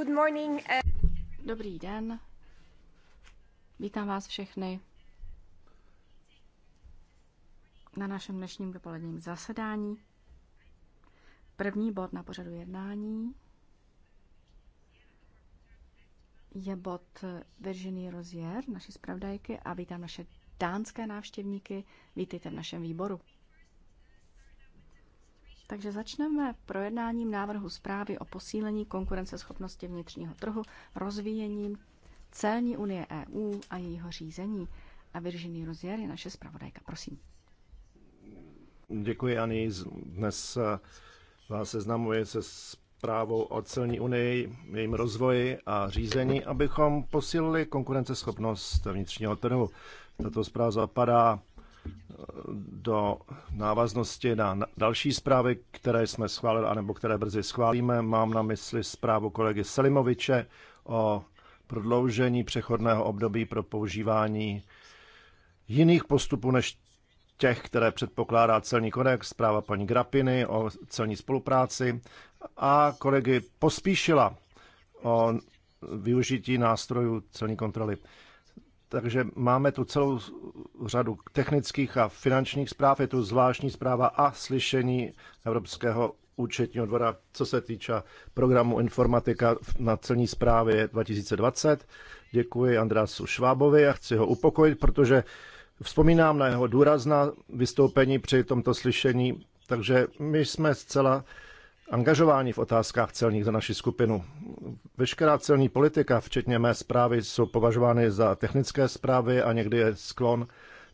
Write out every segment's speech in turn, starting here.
Eh. Dobrý den. Vítám vás všechny na našem dnešním dopoledním zasedání. První bod na pořadu jednání je bod Virginie Rozier, naší zpravodajky, a vítám naše dánské návštěvníky. Vítejte v našem výboru. Takže začneme projednáním návrhu zprávy o posílení konkurenceschopnosti vnitřního trhu rozvíjením celní unie EU a jejího řízení. A Virginie Rozier je naše zpravodajka. Prosím. Děkuji, Ani. Dnes eh, vás seznamuje se zprávou o celní unii, jejím rozvoji a řízení, abychom posílili konkurenceschopnost vnitřního trhu. Tato zpráva zapadá do návaznosti na další zprávy, které jsme schválili, anebo které brzy schválíme. Mám na mysli zprávu kolegy Selimoviče o prodloužení přechodného období pro používání jiných postupů než těch, které předpokládá celní kodex, zpráva paní Grapiny o celní spolupráci a kolegy Pospíšila o využití nástrojů celní kontroly. Takže máme tu celou řadu technických a finančních zpráv, je tu zvláštní zpráva a slyšení Evropského účetního dvora, co se týče programu informatika na celní zprávě 2020. Děkuji Andrasu Švábovi a chci ho upokojit, protože vzpomínám na jeho důrazná vystoupení při tomto slyšení, takže my jsme zcela angažováni v otázkách celních za naši skupinu. Veškerá celní politika, včetně mé zprávy, jsou považovány za technické zprávy a někdy je sklon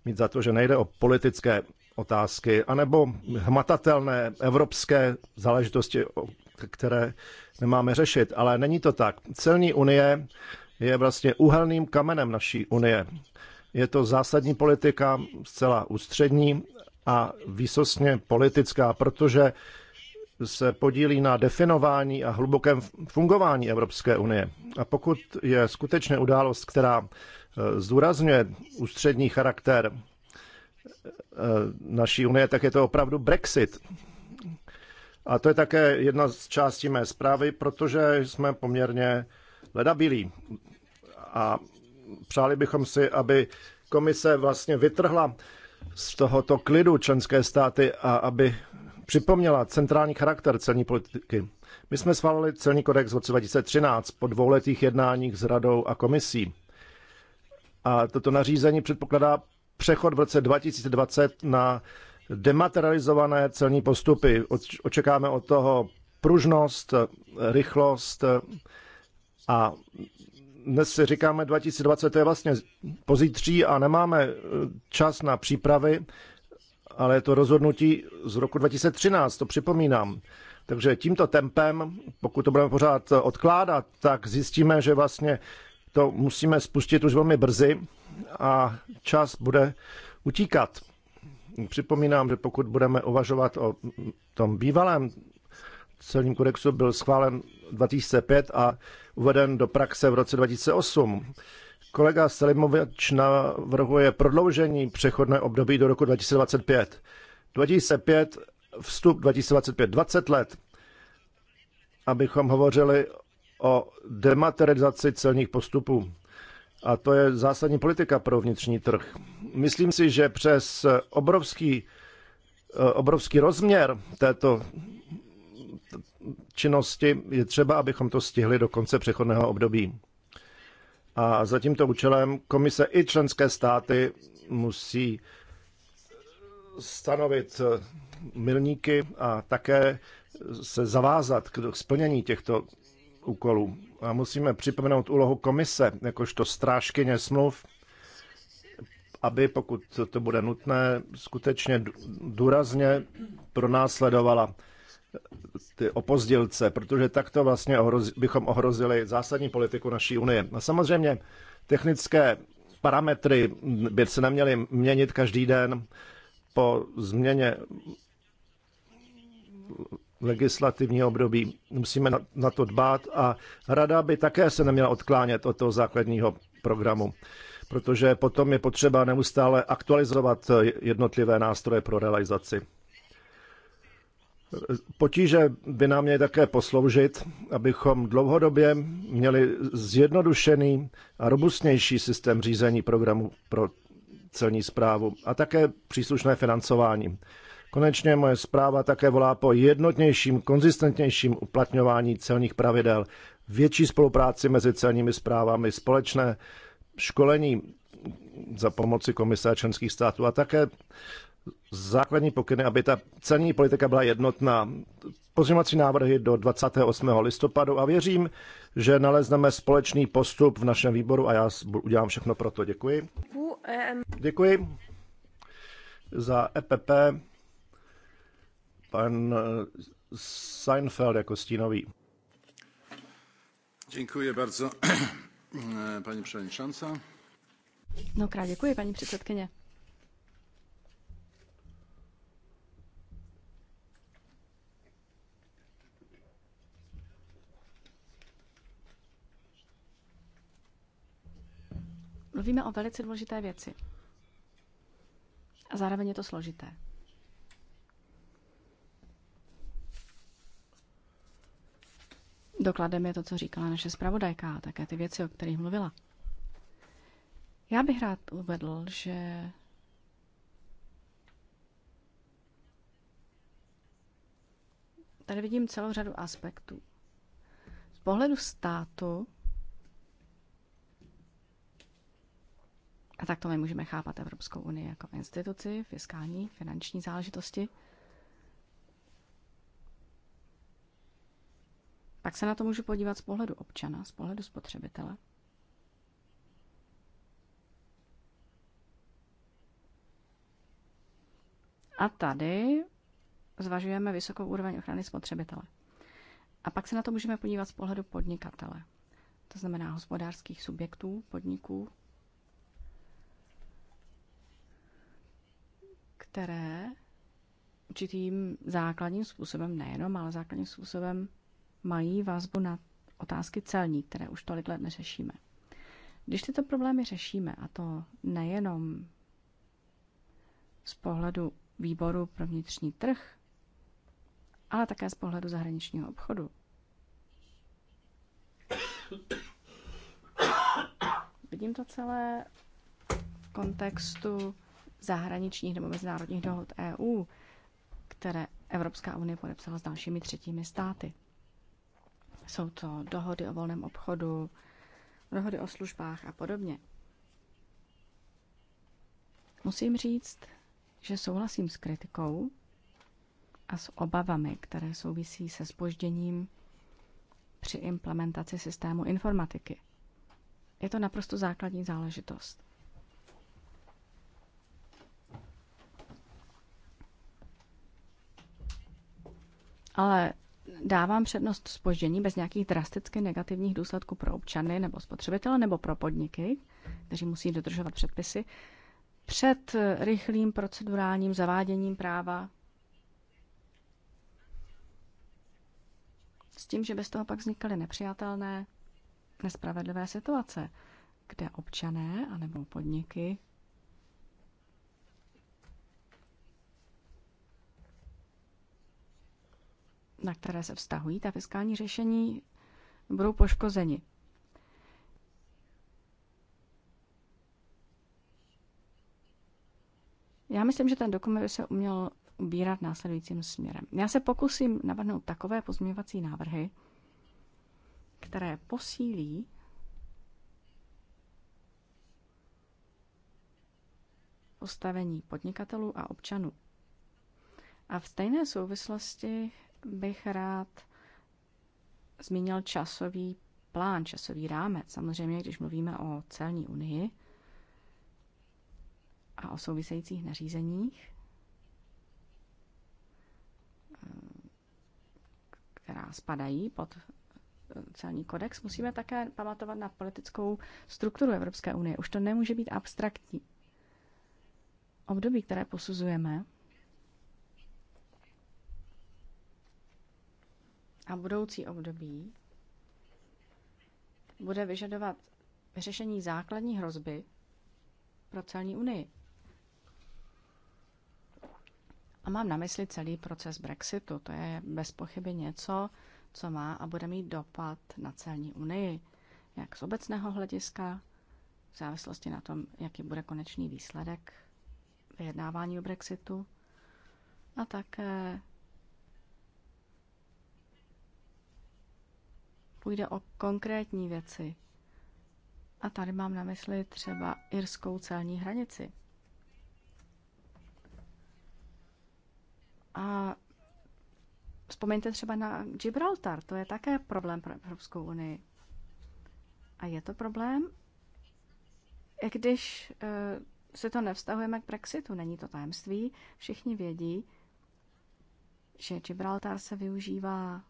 mít za to, že nejde o politické otázky, anebo hmatatelné evropské záležitosti, které nemáme řešit. Ale není to tak. Celní unie je vlastně uhelným kamenem naší unie. Je to zásadní politika, zcela ústřední a výsostně politická, protože se podílí na definování a hlubokém fungování Evropské unie. A pokud je skutečně událost, která e, zdůrazňuje ústřední charakter e, naší unie, tak je to opravdu Brexit. A to je také jedna z částí mé zprávy, protože jsme poměrně ledabilí. A přáli bychom si, aby komise vlastně vytrhla z tohoto klidu členské státy a aby připomněla centrální charakter celní politiky. My jsme schválili celní kodex v roce 2013 po dvouletých jednáních s radou a komisí. A toto nařízení předpokládá přechod v roce 2020 na dematerializované celní postupy. Očekáme od toho pružnost, rychlost a dnes si říkáme 2020, to je vlastně pozítří a nemáme eh, čas na přípravy ale je to rozhodnutí z roku 2013, to připomínám. Takže tímto tempem, pokud to budeme pořád odkládat, tak zjistíme, že vlastně to musíme spustit už velmi brzy a čas bude utíkat. Připomínám, že pokud budeme uvažovat o tom bývalém celním kodexu, byl schválen 2005 a uveden do praxe v roce 2008. Kolega Selimovič navrhuje prodloužení přechodné období do roku 2025. 2005, vstup 2025, 20 let, abychom hovořili o dematerializaci celních postupů. A to je zásadní politika pro vnitřní trh. Myslím si, že přes obrovský, eh, obrovský rozměr této činnosti je třeba, abychom to stihli do konce přechodného období. A za tímto účelem komise i členské státy musí stanovit milníky a také se zavázat k splnění těchto úkolů. A musíme připomenout úlohu komise, jakožto strážkyně smluv, aby, pokud to bude nutné, skutečně důrazně pronásledovala ty opozdělce, protože takto vlastně ohrozi, bychom ohrozili zásadní politiku naší unie. A samozřejmě technické parametry by se neměly měnit každý den po změně legislativního období. Musíme na to dbát a rada by také se neměla odklánět od toho základního programu, protože potom je potřeba neustále aktualizovat jednotlivé nástroje pro realizaci. Potíže by nám měly také posloužit, abychom dlouhodobě měli zjednodušený a robustnější systém řízení programu pro celní zprávu a také příslušné financování. Konečně moje zpráva také volá po jednotnějším, konzistentnějším uplatňování celních pravidel, větší spolupráci mezi celními zprávami, společné školení za pomoci komise a členských států a také základní pokyny, aby ta celní politika byla jednotná. Pozměňovací návrhy do 28. listopadu a věřím, že nalezneme společný postup v našem výboru a já udělám všechno pro to. Děkuji. E děkuji za EPP. Pan eh, Seinfeld jako stínový. Děkuji bardzo, paní předsedkyně. krát děkuji, paní předsedkyně. Mluvíme o velice důležité věci. A zároveň je to složité. Dokladem je to, co říkala naše zpravodajka a také ty věci, o kterých mluvila. Já bych rád uvedl, že tady vidím celou řadu aspektů. Z pohledu státu A tak my můžeme chápat Evropskou unii jako instituci, fiskální, finanční záležitosti. Pak se na to můžu podívat z pohledu občana, z pohledu spotřebitele. A tady zvažujeme vysokou úroveň ochrany spotřebitele. A pak se na to můžeme podívat z pohledu podnikatele, to znamená hospodářských subjektů, podniků, které určitým základním způsobem, nejenom, ale základním způsobem mají vazbu na otázky celní, které už tolik let neřešíme. Když tyto problémy řešíme, a to nejenom z pohledu výboru pro vnitřní trh, ale také z pohledu zahraničního obchodu, vidím to celé v kontextu zahraničních nebo mezinárodních dohod EU, které Evropská unie podepsala s dalšími třetími státy. Jsou to dohody o volném obchodu, dohody o službách a podobně. Musím říct, že souhlasím s kritikou a s obavami, které souvisí se spožděním při implementaci systému informatiky. Je to naprosto základní záležitost. Ale dávám přednost spoždění bez nějakých drasticky negativních důsledků pro občany nebo spotřebitele nebo pro podniky, kteří musí dodržovat předpisy, před rychlým procedurálním zaváděním práva s tím, že bez toho pak vznikaly nepřijatelné, nespravedlivé situace, kde občané anebo podniky na které se vztahují ta fiskální řešení, budou poškozeni. Já myslím, že ten dokument by se uměl ubírat následujícím směrem. Já se pokusím navrhnout takové pozměňovací návrhy, které posílí postavení podnikatelů a občanů. A v stejné souvislosti bych rád zmínil časový plán, časový rámec. Samozřejmě, když mluvíme o celní unii a o souvisejících nařízeních, eh, která spadají pod eh, celní kodex, musíme také pamatovat na politickou strukturu Evropské unie. Už to nemůže být abstraktní. Období, které posuzujeme, a budoucí období bude vyžadovat řešení základní hrozby pro celní unii. A mám na mysli celý proces Brexitu. To je bez pochyby něco, co má a bude mít dopad na celní unii, jak z obecného hlediska, v závislosti na tom, jaký bude konečný výsledek vyjednávání o Brexitu, a také Půjde o konkrétní věci. A tady mám na mysli třeba irskou celní hranici. A vzpomeňte třeba na Gibraltar, to je také problém pro Evropskou unii. A je to problém, i když e, se to nevztahujeme k Brexitu, není to tajemství, všichni vědí, že Gibraltar se využívá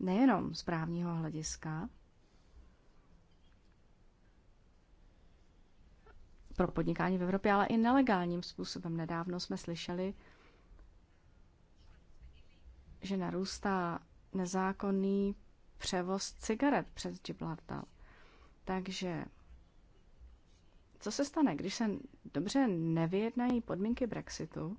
nejenom z právního hlediska pro podnikání v Evropě, ale i nelegálním způsobem. Nedávno jsme slyšeli, že narůstá nezákonný převoz cigaret přes Gibraltar. Takže co se stane, když se dobře nevyjednají podmínky Brexitu?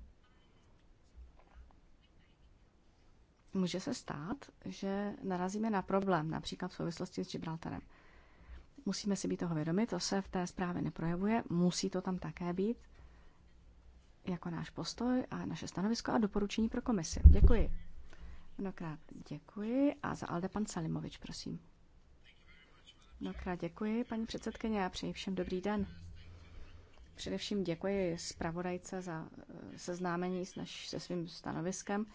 může se stát, že narazíme na problém, například v souvislosti s Gibraltarem. Musíme si být toho vědomi, to se v té zprávě neprojevuje, musí to tam také být jako náš postoj a naše stanovisko a doporučení pro komisi. Děkuji. Mnohokrát děkuji a za Alde pan Salimovič, prosím. Mnohokrát děkuji, paní předsedkyně, a přeji všem dobrý den. Především děkuji zpravodajce za eh, seznámení s naš, se svým stanoviskem.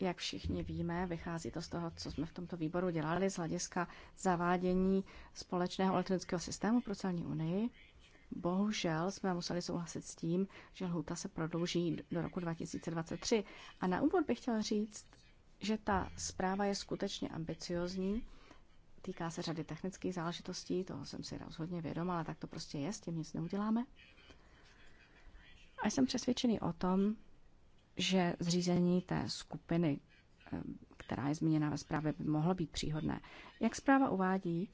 Jak všichni víme, vychází to z toho, co jsme v tomto výboru dělali z hlediska zavádění společného elektronického systému pro celní unii. Bohužel jsme museli souhlasit s tím, že lhuta se prodlouží do roku 2023. A na úvod bych chtěl říct, že ta zpráva je skutečně ambiciozní. Týká se řady technických záležitostí, toho jsem si rozhodně vědom, ale tak to prostě je, s tím nic neuděláme. A jsem přesvědčený o tom, že zřízení té skupiny, eh, která je zmíněna ve zprávě, by mohlo být příhodné. Jak zpráva uvádí,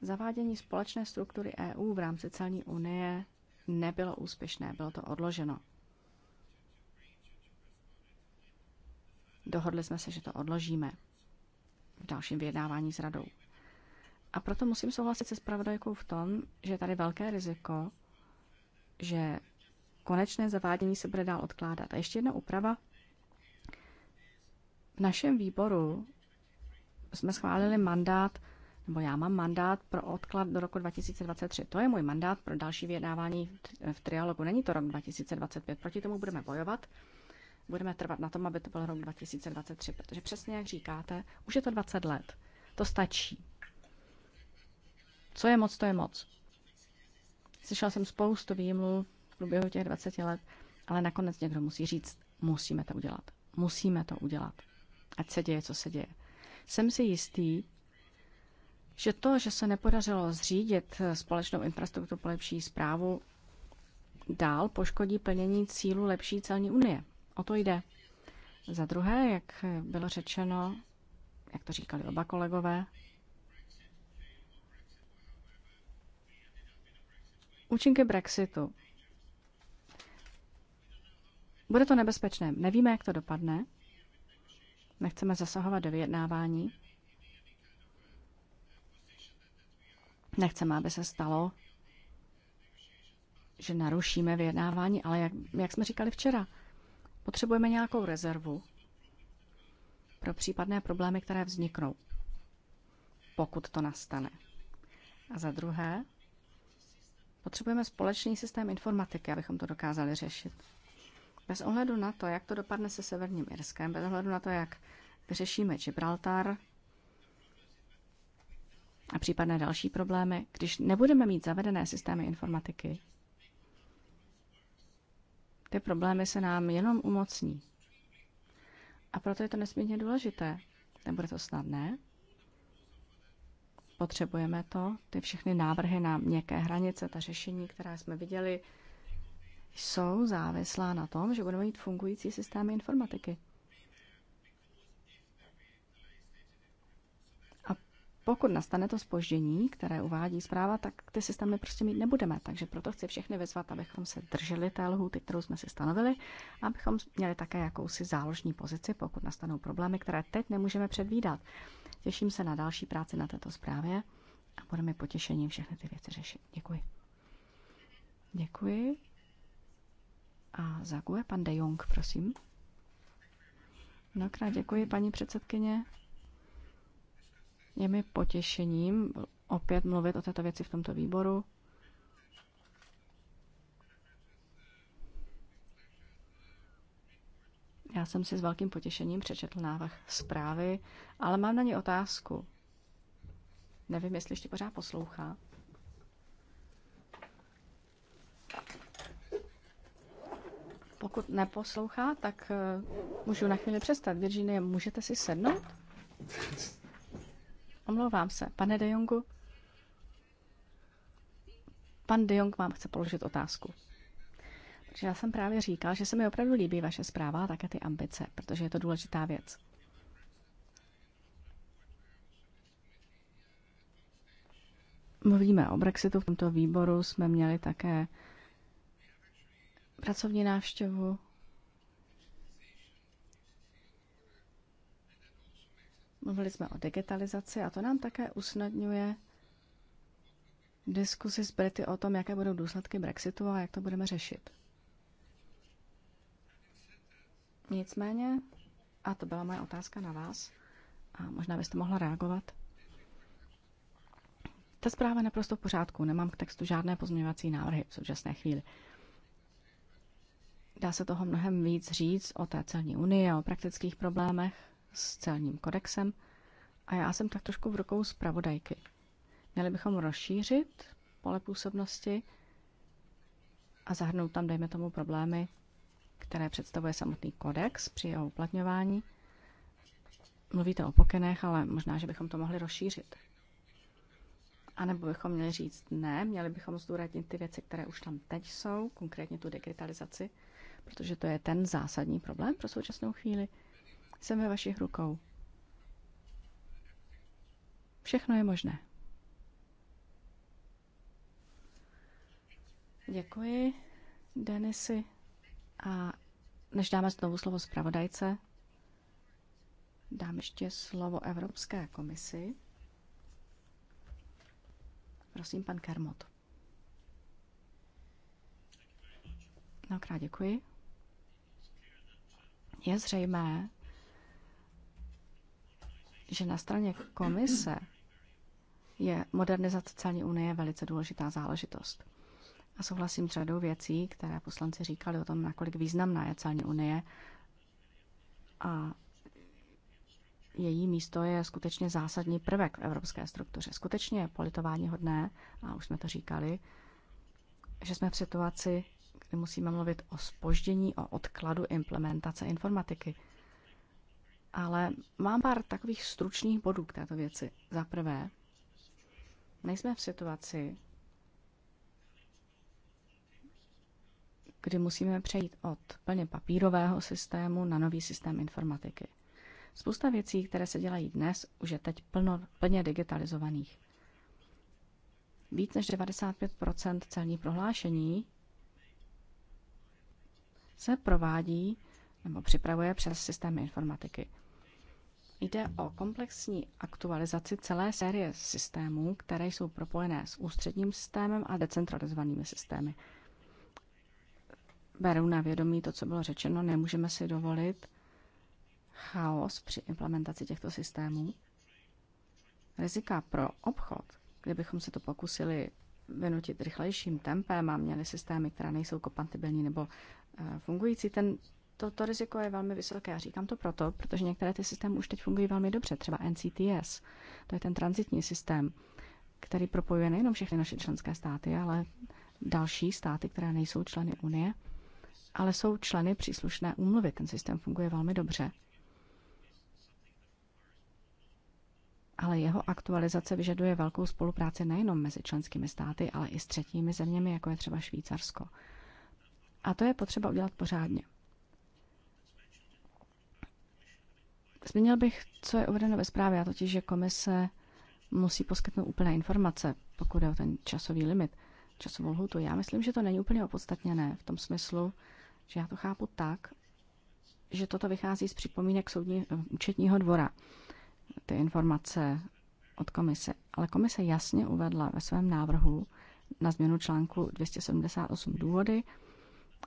zavádění společné struktury EU v rámci celní unie nebylo úspěšné, bylo to odloženo. Dohodli jsme se, že to odložíme v dalším vyjednávání s radou. A proto musím souhlasit se spravodajkou v tom, že je tady velké riziko, že konečné zavádění se bude dál odkládat. A ještě jedna úprava. V našem výboru jsme schválili mandát, nebo já mám mandát pro odklad do roku 2023. To je můj mandát pro další vyjednávání v, trialogu. Není to rok 2025. Proti tomu budeme bojovat. Budeme trvat na tom, aby to byl rok 2023, protože přesně jak říkáte, už je to 20 let. To stačí. Co je moc, to je moc. Slyšela jsem spoustu výmluv v průběhu těch 20 let, ale nakonec někdo musí říct, musíme to udělat. Musíme to udělat. Ať se děje, co se děje. Jsem si jistý, že to, že se nepodařilo zřídit společnou infrastrukturu pro lepší zprávu, dál poškodí plnění cílu lepší celní unie. O to jde. Za druhé, jak bylo řečeno, jak to říkali oba kolegové, účinky Brexitu. Bude to nebezpečné. Nevíme, jak to dopadne. Nechceme zasahovat do vyjednávání. Nechceme, aby se stalo, že narušíme vyjednávání, ale jak, jak jsme říkali včera, potřebujeme nějakou rezervu pro případné problémy, které vzniknou, pokud to nastane. A za druhé, potřebujeme společný systém informatiky, abychom to dokázali řešit. Bez ohledu na to, jak to dopadne se Severním Irskem, bez ohledu na to, jak vyřešíme Gibraltar a případné další problémy, když nebudeme mít zavedené systémy informatiky, ty problémy se nám jenom umocní. A proto je to nesmírně důležité. Nebude to snadné. Potřebujeme to, ty všechny návrhy na měkké hranice, ta řešení, která jsme viděli, jsou závislá na tom, že budeme mít fungující systémy informatiky. A pokud nastane to spoždění, které uvádí zpráva, tak ty systémy prostě mít nebudeme. Takže proto chci všechny vyzvat, abychom se drželi té lhuty, kterou jsme si stanovili, abychom měli také jakousi záložní pozici, pokud nastanou problémy, které teď nemůžeme předvídat. Těším se na další práci na této zprávě a budeme potěšením všechny ty věci řešit. Děkuji. Děkuji. A zaguje pan De Jong, prosím. Mnohokrát děkuji, paní předsedkyně. Je mi potěšením opět mluvit o této věci v tomto výboru. Já jsem si s velkým potěšením přečetl návrh zprávy, ale mám na ně otázku. Nevím, jestli ještě pořád poslouchá. Pokud neposlouchá, tak eh, můžu na chvíli přestat. Virginie, můžete si sednout? Omlouvám se. Pane De Jongu? Pan De Jong vám chce položit otázku. Protože já jsem právě říkal, že se mi opravdu líbí vaše zpráva a také ty ambice, protože je to důležitá věc. Mluvíme o Brexitu. V tomto výboru jsme měli také pracovní návštěvu. Mluvili jsme o digitalizaci a to nám také usnadňuje diskusi s Brity o tom, jaké budou důsledky Brexitu a jak to budeme řešit. Nicméně, a to byla moje otázka na vás, a možná byste mohla reagovat. Ta zpráva je naprosto v pořádku, nemám k textu žádné pozměňovací návrhy v současné chvíli. Dá se toho mnohem víc říct o té celní unii a o praktických problémech s celním kodexem. A já jsem tak trošku v rukou zpravodajky. Měli bychom rozšířit pole působnosti a zahrnout tam, dejme tomu, problémy, které představuje samotný kodex při jeho uplatňování. Mluvíte o pokynech, ale možná, že bychom to mohli rozšířit. A nebo bychom měli říct ne, měli bychom zdůraznit ty věci, které už tam teď jsou, konkrétně tu digitalizaci protože to je ten zásadní problém pro současnou chvíli. Jsem ve vašich rukou. Všechno je možné. Děkuji, Denisy. A než dáme znovu slovo zpravodajce, dám ještě slovo Evropské komisi. Prosím, pan Kermot. Mnohokrát děkuji. Je zřejmé, že na straně komise je modernizace celní unie velice důležitá záležitost. A souhlasím s řadou věcí, které poslanci říkali o tom, nakolik významná je celní unie a její místo je skutečně zásadní prvek v evropské struktuře. Skutečně je politování hodné, a už jsme to říkali, že jsme v situaci, kdy musíme mluvit o spoždění, o odkladu implementace informatiky. Ale mám pár takových stručných bodů k této věci. Za prvé, nejsme v situaci, kdy musíme přejít od plně papírového systému na nový systém informatiky. Spousta věcí, které se dělají dnes, už je teď plno, plně digitalizovaných. Víc než 95 celních prohlášení se provádí nebo připravuje přes systémy informatiky. Jde o komplexní aktualizaci celé série systémů, které jsou propojené s ústředním systémem a decentralizovanými systémy. Beru na vědomí to, co bylo řečeno, nemůžeme si dovolit chaos při implementaci těchto systémů. Rizika pro obchod, kdybychom se to pokusili vynutit rychlejším tempem a měli systémy, které nejsou kompatibilní nebo eh, fungující, ten, to, to riziko je velmi vysoké. A říkám to proto, protože některé ty systémy už teď fungují velmi dobře, třeba NCTS, to je ten transitní systém, který propojuje nejenom všechny naše členské státy, ale další státy, které nejsou členy Unie, ale jsou členy příslušné úmluvy. Ten systém funguje velmi dobře. ale jeho aktualizace vyžaduje velkou spolupráci nejenom mezi členskými státy, ale i s třetími zeměmi, jako je třeba Švýcarsko. A to je potřeba udělat pořádně. Zmínil bych, co je uvedeno ve zprávě, a totiž, že komise musí poskytnout úplné informace, pokud je o ten časový limit, časovou lhutu. Já myslím, že to není úplně opodstatněné v tom smyslu, že já to chápu tak, že toto vychází z připomínek soudní, účetního dvora ty informace od komise. Ale komise jasně uvedla ve svém návrhu na změnu článku 278 důvody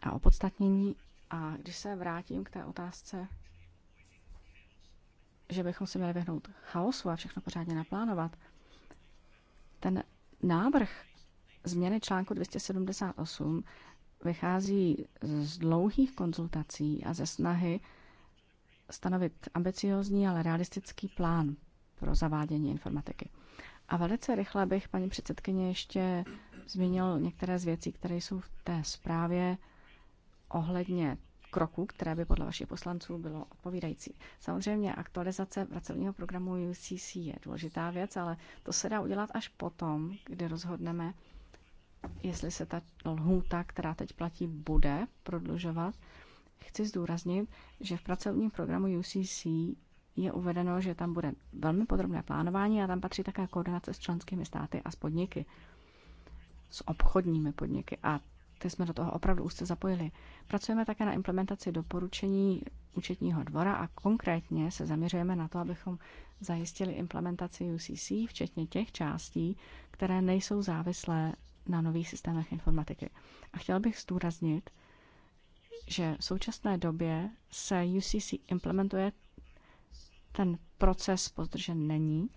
a opodstatnění. A když se vrátím k té otázce, že bychom se měli vyhnout chaosu a všechno pořádně naplánovat, ten návrh změny článku 278 vychází z dlouhých konzultací a ze snahy stanovit ambiciozní, ale realistický plán pro zavádění informatiky. A velice rychle bych, paní předsedkyně, ještě zmínil některé z věcí, které jsou v té zprávě ohledně kroků, které by podle vašich poslanců bylo odpovídající. Samozřejmě aktualizace pracovního programu UCC je důležitá věc, ale to se dá udělat až potom, kdy rozhodneme, jestli se ta lhůta, která teď platí, bude prodlužovat Chci zdůraznit, že v pracovním programu UCC je uvedeno, že tam bude velmi podrobné plánování a tam patří také koordinace s členskými státy a s podniky, s obchodními podniky a ty jsme do toho opravdu úzce zapojili. Pracujeme také na implementaci doporučení účetního dvora a konkrétně se zaměřujeme na to, abychom zajistili implementaci UCC, včetně těch částí, které nejsou závislé na nových systémech informatiky. A chtěl bych zdůraznit, že v současné době se UCC implementuje, ten proces pozdržen není.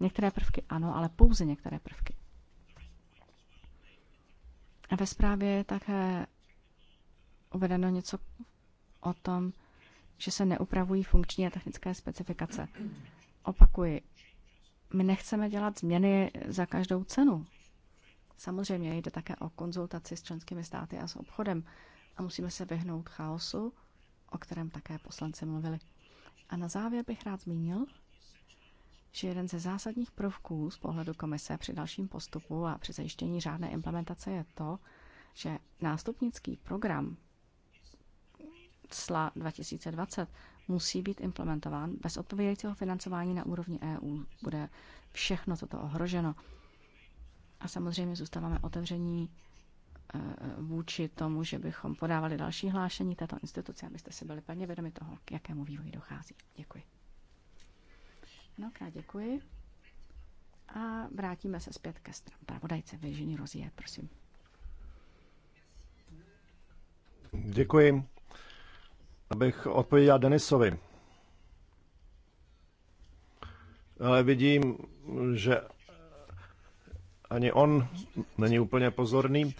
Některé prvky ano, ale pouze některé prvky. A ve zprávě je také uvedeno něco o tom, že se neupravují funkční a technické specifikace. Opakuji, my nechceme dělat změny za každou cenu. Samozřejmě jde také o konzultaci s členskými státy a s obchodem a musíme se vyhnout chaosu, o kterém také poslanci mluvili. A na závěr bych rád zmínil, že jeden ze zásadních prvků z pohledu komise při dalším postupu a při zajištění řádné implementace je to, že nástupnický program SLA 2020 musí být implementován. Bez odpovídajícího financování na úrovni EU bude všechno toto ohroženo. A samozřejmě zůstáváme otevření vůči tomu, že bychom podávali další hlášení této instituce, abyste si byli pevně vědomi toho, k jakému vývoji dochází. Děkuji. Mnohokrát děkuji. A vrátíme se zpět ke stranu. Pravodajce Virginie Rozie, prosím. Děkuji. Abych odpověděl Denisovi. Ale vidím, že ani on není úplně pozorný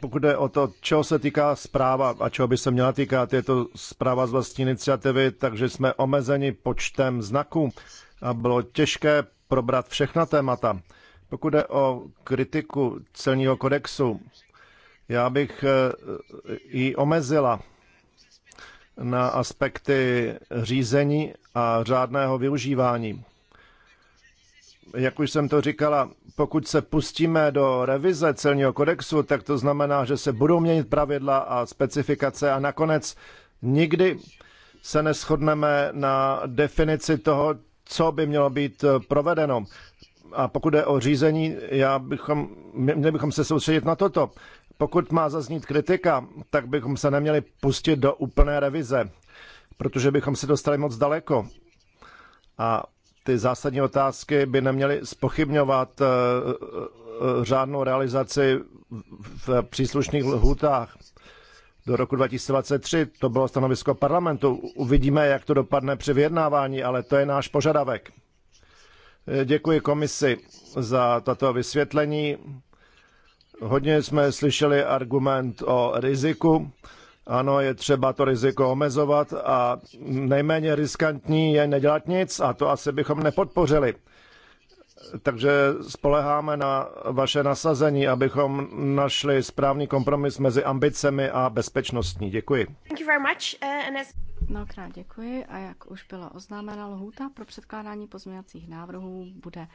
pokud je o to, čeho se týká zpráva a čeho by se měla týkat, je to zpráva z vlastní iniciativy, takže jsme omezeni počtem znaků a bylo těžké probrat všechna témata. Pokud je o kritiku celního kodexu, já bych eh, ji omezila na aspekty řízení a řádného využívání jak už jsem to říkala, pokud se pustíme do revize celního kodexu, tak to znamená, že se budou měnit pravidla a specifikace a nakonec nikdy se neschodneme na definici toho, co by mělo být provedeno. A pokud je o řízení, já bychom, měli bychom se soustředit na toto. Pokud má zaznít kritika, tak bychom se neměli pustit do úplné revize, protože bychom se dostali moc daleko. A ty zásadní otázky by neměly spochybňovat eh, eh, řádnou realizaci v příslušných lhutách do roku 2023. To bylo stanovisko parlamentu. Uvidíme, jak to dopadne při vyjednávání, ale to je náš požadavek. Eh, děkuji komisi za tato vysvětlení. Hodně jsme slyšeli argument o riziku. Ano, je třeba to riziko omezovat a nejméně riskantní je nedělat nic a to asi bychom nepodpořili. Takže spoleháme na vaše nasazení, abychom našli správný kompromis mezi ambicemi a bezpečnostní. Děkuji. Eh, Mnohokrát děkuji a jak už byla oznámena lhůta pro předkládání pozměňovacích návrhů bude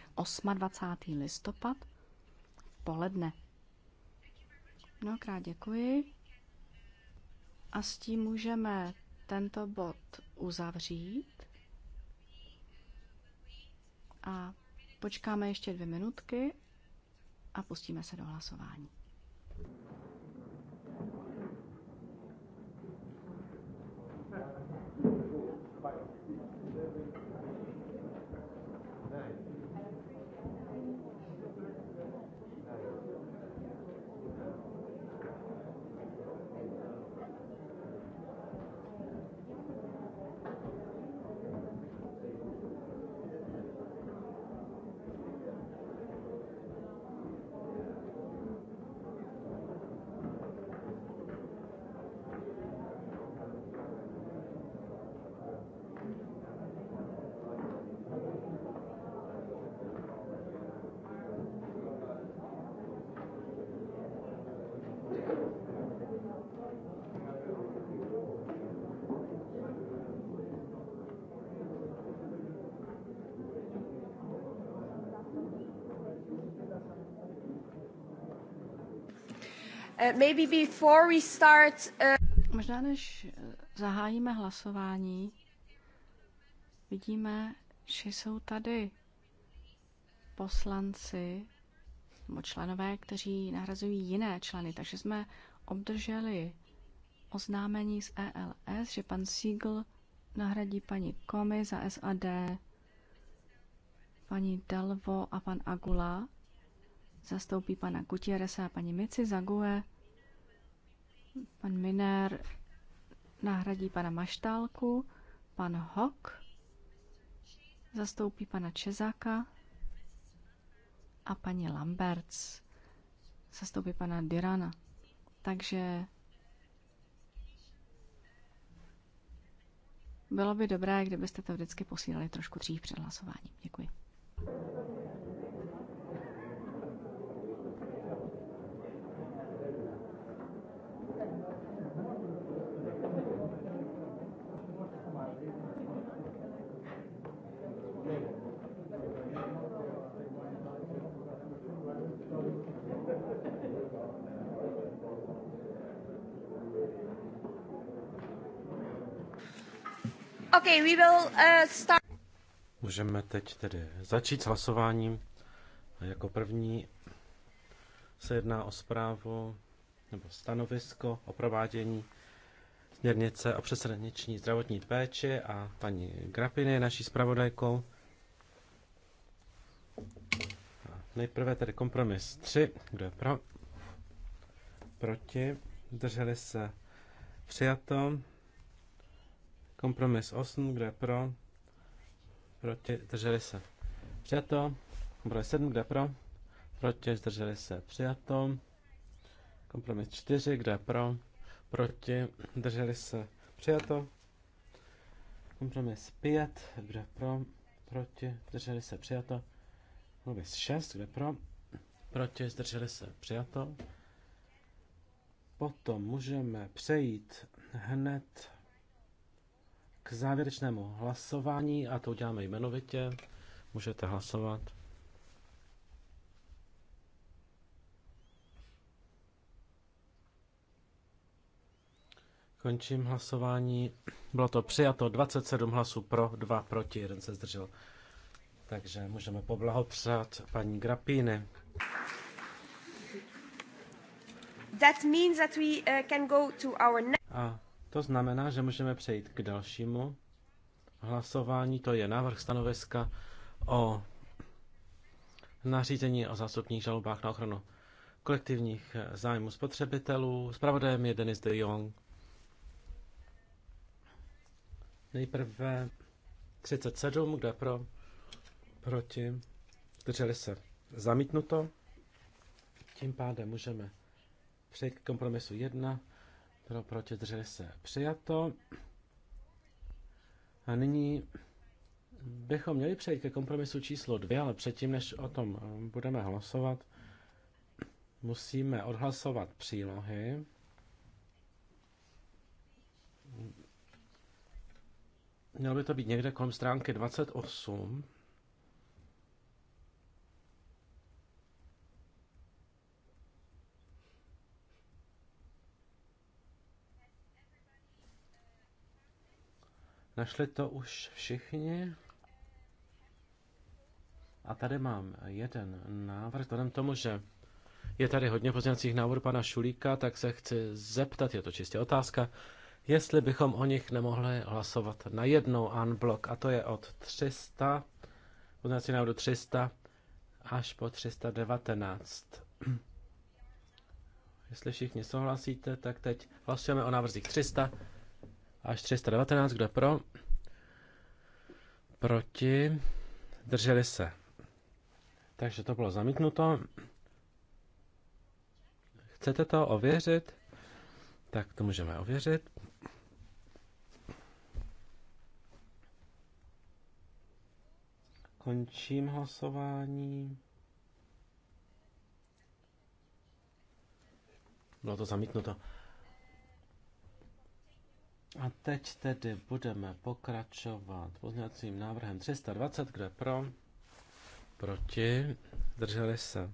28. listopad poledne. Mnohokrát děkuji a s tím můžeme tento bod uzavřít. A počkáme ještě dvě minutky a pustíme se do hlasování. Eh, eh, Možná než eh, zahájíme hlasování, vidíme, že jsou tady poslanci nebo členové, kteří nahrazují jiné členy. Takže jsme obdrželi oznámení z ELS, že pan Siegel nahradí paní Komi za SAD, paní Delvo a pan Agula zastoupí pana Gutierreza a paní Mici Zague Pan Miner nahradí pana Maštálku, pan Hock zastoupí pana Čezáka a paní Lamberts zastoupí pana Dirana. Takže bylo by dobré, kdybyste to vždycky posílali trošku dřív před hlasováním. Děkuji. Okay, we will, uh, start... Můžeme teď tedy začít s hlasováním. A jako první se jedná o zprávu nebo stanovisko o provádění směrnice o přeshraniční zdravotní péči a paní Grapiny je naší zpravodajkou. nejprve tedy kompromis 3. Kdo je pro? Proti? Drželi se přijato. Kompromis 8, kdo je pro? Proti, zdrželi se. Přijato. Kompromis 7, kdo je pro? Proti, zdrželi se. Přijato. Kompromis 4, kdo je pro? Proti, zdrželi se. Přijato. Kompromis 5, kdo je pro? Proti, zdrželi se. Přijato. Kompromis 6, kdo je pro? Proti, zdrželi se. Přijato. Potom můžeme přejít hned k závěrečnému hlasování a to uděláme jmenovitě. Můžete hlasovat. Končím hlasování. Bylo to přijato 27 hlasů pro, 2 proti, jeden se zdržel. Takže můžeme poblahopřát paní Grapíny. That means that we uh, can go to our next... A to znamená, že můžeme přejít k dalšímu hlasování. To je návrh stanoviska o nařízení o zástupních žalobách na ochranu kolektivních zájmů spotřebitelů. Spravodajem je Denis de Jong. Nejprve 37, kde pro, proti, drželi se zamítnuto. Tím pádem můžeme přejít k kompromisu 1 pro proti drželi se přijato. A nyní bychom měli přejít ke kompromisu číslo dvě, ale předtím, než o tom eh, budeme hlasovat, musíme odhlasovat přílohy. Mělo by to být někde kolem stránky 28. Našli to už všichni. A tady mám jeden návrh, vzhledem tomu, že je tady hodně pozměňovacích návrhů pana Šulíka, tak se chci zeptat, je to čistě otázka, jestli bychom o nich nemohli hlasovat na jednou unblock, a to je od 300, pozměňovací návrhu 300 až po 319. Jestli všichni souhlasíte, tak teď hlasujeme o návrzích 300 až 319, kdo pro, proti, drželi se. Takže to bylo zamítnuto. Chcete to ověřit? Tak to můžeme ověřit. Končím hlasování. Bylo to zamítnuto. A teď tedy budeme pokračovat pozměňovacím návrhem 320, kde pro, proti, drželi se.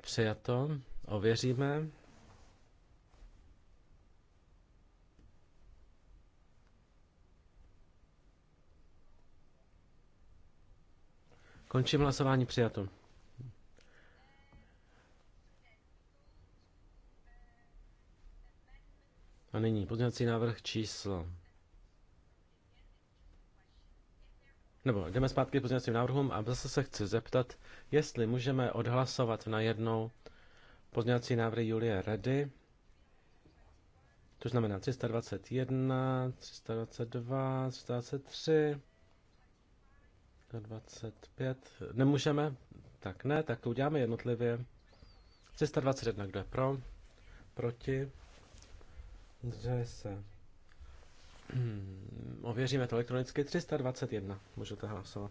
Přijato, ověříme. Končím hlasování přijato. nyní pozměňovací návrh číslo. Nebo jdeme zpátky k pozměňovacím návrhům a zase se chci zeptat, jestli můžeme odhlasovat na jednou pozměňovací návrhy Julie Redy, to znamená 321, 322, 323, 125. Nemůžeme? Tak ne, tak to uděláme jednotlivě. 321, kdo je pro? Proti? Zdrželi se. Hmm, ověříme to elektronicky. 321. Můžete hlasovat.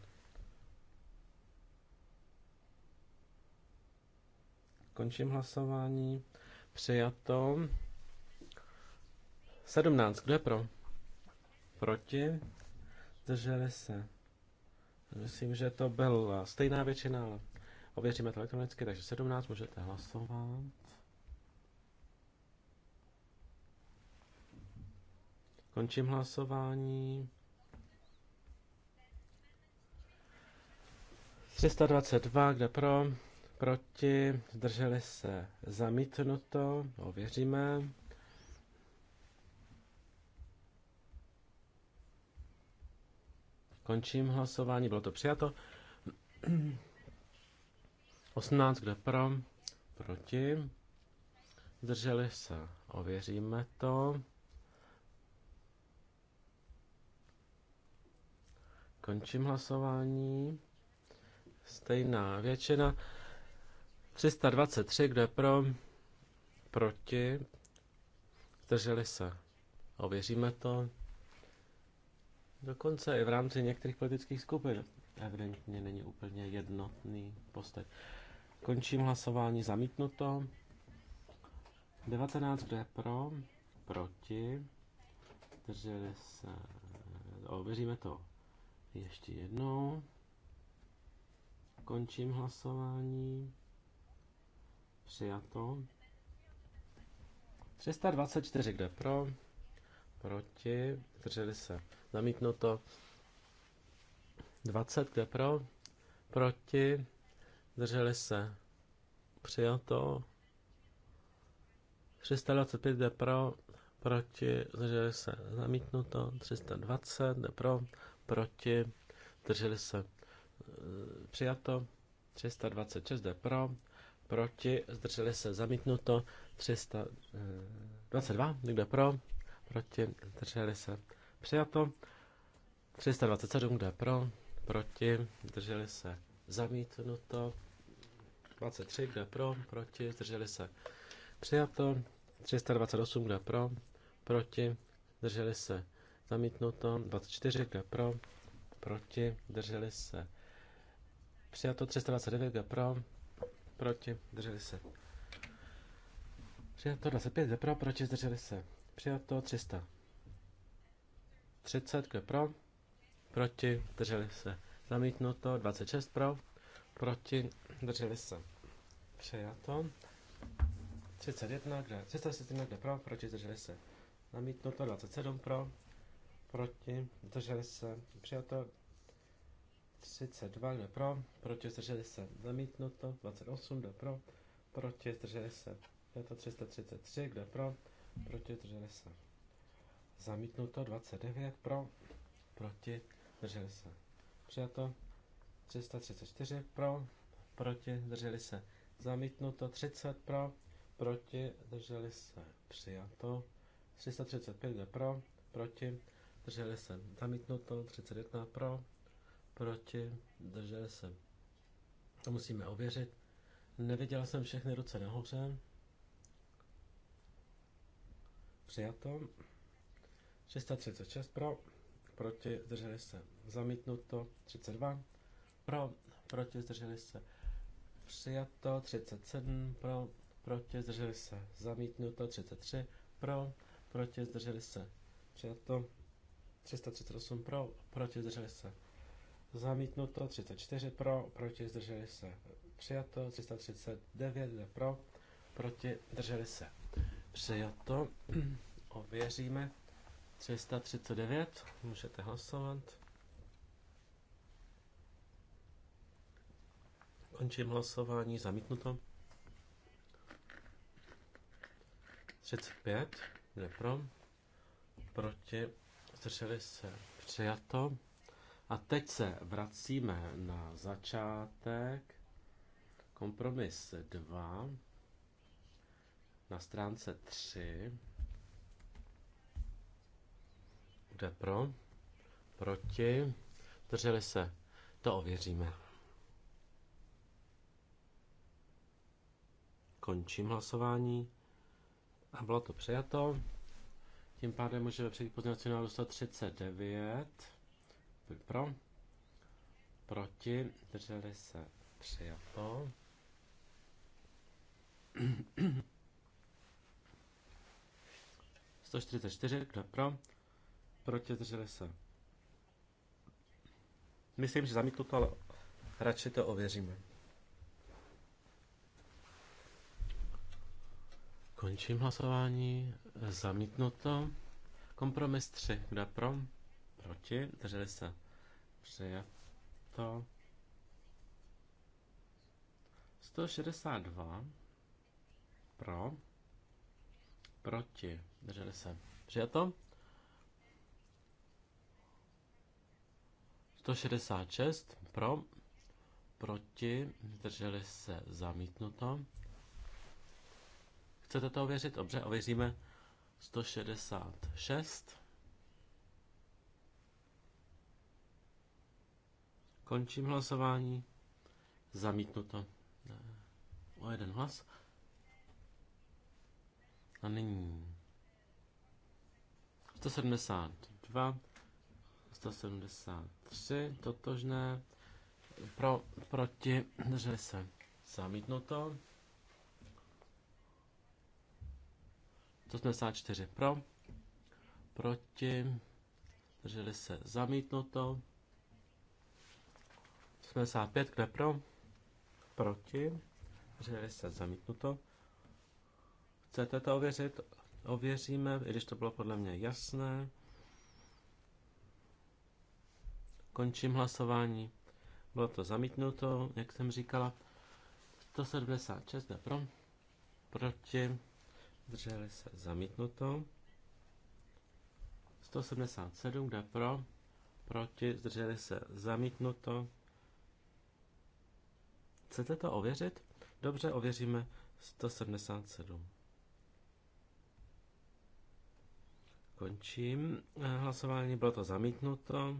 Končím hlasování. Přijato. 17. Kdo je pro? Proti? Drželi se. Myslím, že to byla stejná většina, ale ověříme to elektronicky, takže 17 můžete hlasovat. Končím hlasování. 322, kde pro, proti, zdrželi se zamítnuto, ověříme. Končím hlasování, bylo to přijato. 18, kde pro, proti, zdrželi se, ověříme to. Končím hlasování. Stejná většina. 323, kdo je pro? Proti? Zdrželi se. Ověříme to. Dokonce i v rámci některých politických skupin evidentně není úplně jednotný postoj. Končím hlasování zamítnuto. 19, kdo je pro? Proti? Zdrželi se. Ověříme to ještě jednou. Končím hlasování. Přijato. 324, kde pro? Proti. Drželi se. Zamítnuto. 20, kde pro? Proti. Drželi se. Přijato. 325, kde pro? Proti. Drželi se. Zamítnuto. 320, kde pro? proti, drželi se eh, přijato, 326 jde pro, proti, zdrželi se zamítnuto, 322 eh, jde pro, proti, zdrželi se přijato, 327 jde pro, proti, zdrželi se zamítnuto, 23 jde pro, proti, zdrželi se přijato, 328 jde pro, proti, zdrželi se zamítnuto, 24 G pro, proti, drželi se, přijato 329 G pro, proti, drželi se, přijato 25 G pro, proti, zdrželi se, přijato 300, 30 G pro, proti, drželi se, zamítnuto 26 pro, proti, drželi se, přijato 31 G, 331 G pro, proti, drželi se, zamítnuto 27 pro, proti, zdrželi se, přijato 32, kdo pro, proti, zdrželi se, zamítnuto, 28, kdo pro, proti, zdrželi se, přijato 333, kdo pro, proti, zdrželi se, zamítnuto, 29, pro, proti, zdrželi se, přijato 334, pro, proti, zdrželi se, zamítnuto, 30, pro, proti, zdrželi se, přijato 335, kdo pro, proti, zdrželi se. Zamítnuto 31 pro, proti, zdrželi se. To musíme ověřit. Neviděl jsem všechny ruce nahoře. Přijato. 336 pro, proti, zdrželi se. Zamítnuto 32 pro, proti, zdrželi se. Přijato 37 pro, proti, zdrželi se. Zamítnuto 33 pro, proti, zdrželi se. Přijato 338 pro, proti zdrželi se. Zamítnuto 34 pro, proti zdrželi se. Přijato 339 pro, proti zdrželi se. Přijato. Ověříme. 339. Můžete hlasovat. Končím hlasování. Zamítnuto. 35. Kde pro? Proti zdrželi se přijato. A teď se vracíme na začátek. Kompromis 2 na stránce 3. Kde pro? Proti. Drželi se. To ověříme. Končím hlasování. A bylo to přijato. Tím pádem můžeme přejít k pozměňovacímu návrhu Byl Pro. Proti. Drželi se. Přijato. Sto čtyřicet kdo pro? Proti drželi se. Myslím, že zamítnu to, ale radši to ověříme. Končím hlasování. Zamítnuto. Kompromis 3. Kdo je pro? Proti. Drželi se. Přijato. 162. Pro. Proti. Drželi se. Přijato. 166. Pro. Proti. Drželi se. Zamítnuto. Chcete to ověřit? Dobře, ověříme. 166. Končím hlasování. Zamítnuto. O jeden hlas. A nyní 172, 173, totožné, pro, proti, drželi se, zamítnuto. 184 pro, proti, drželi se zamítnuto. 85 kde pro, proti, drželi se zamítnuto. Chcete to ověřit? Ověříme, i když to bylo podle mě jasné. Končím hlasování. Bylo to zamítnuto, jak jsem říkala. 176 jde pro, proti, zdrželi se zamítnuto. 177, kde pro, proti, zdrželi se zamítnuto. Chcete to ověřit? Dobře, ověříme 177. Končím eh, hlasování, bylo to zamítnuto.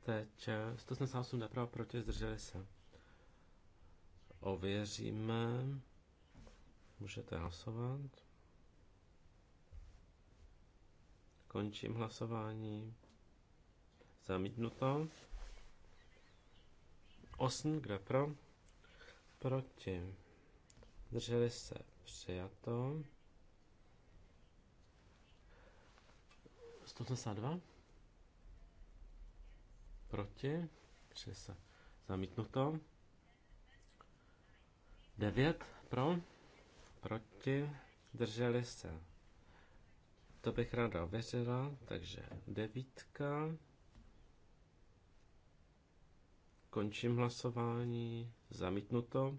Teď 178 eh, jde pro, proti, zdrželi se. Ověříme. Můžete hlasovat. Končím hlasování. Zamítnuto. 8, kde pro? Proti. Drželi se. Přijato. 182. Proti. Drželi se. Zamítnuto. 9 pro proti, drželi se. To bych ráda ověřila, takže devítka. Končím hlasování, zamítnuto.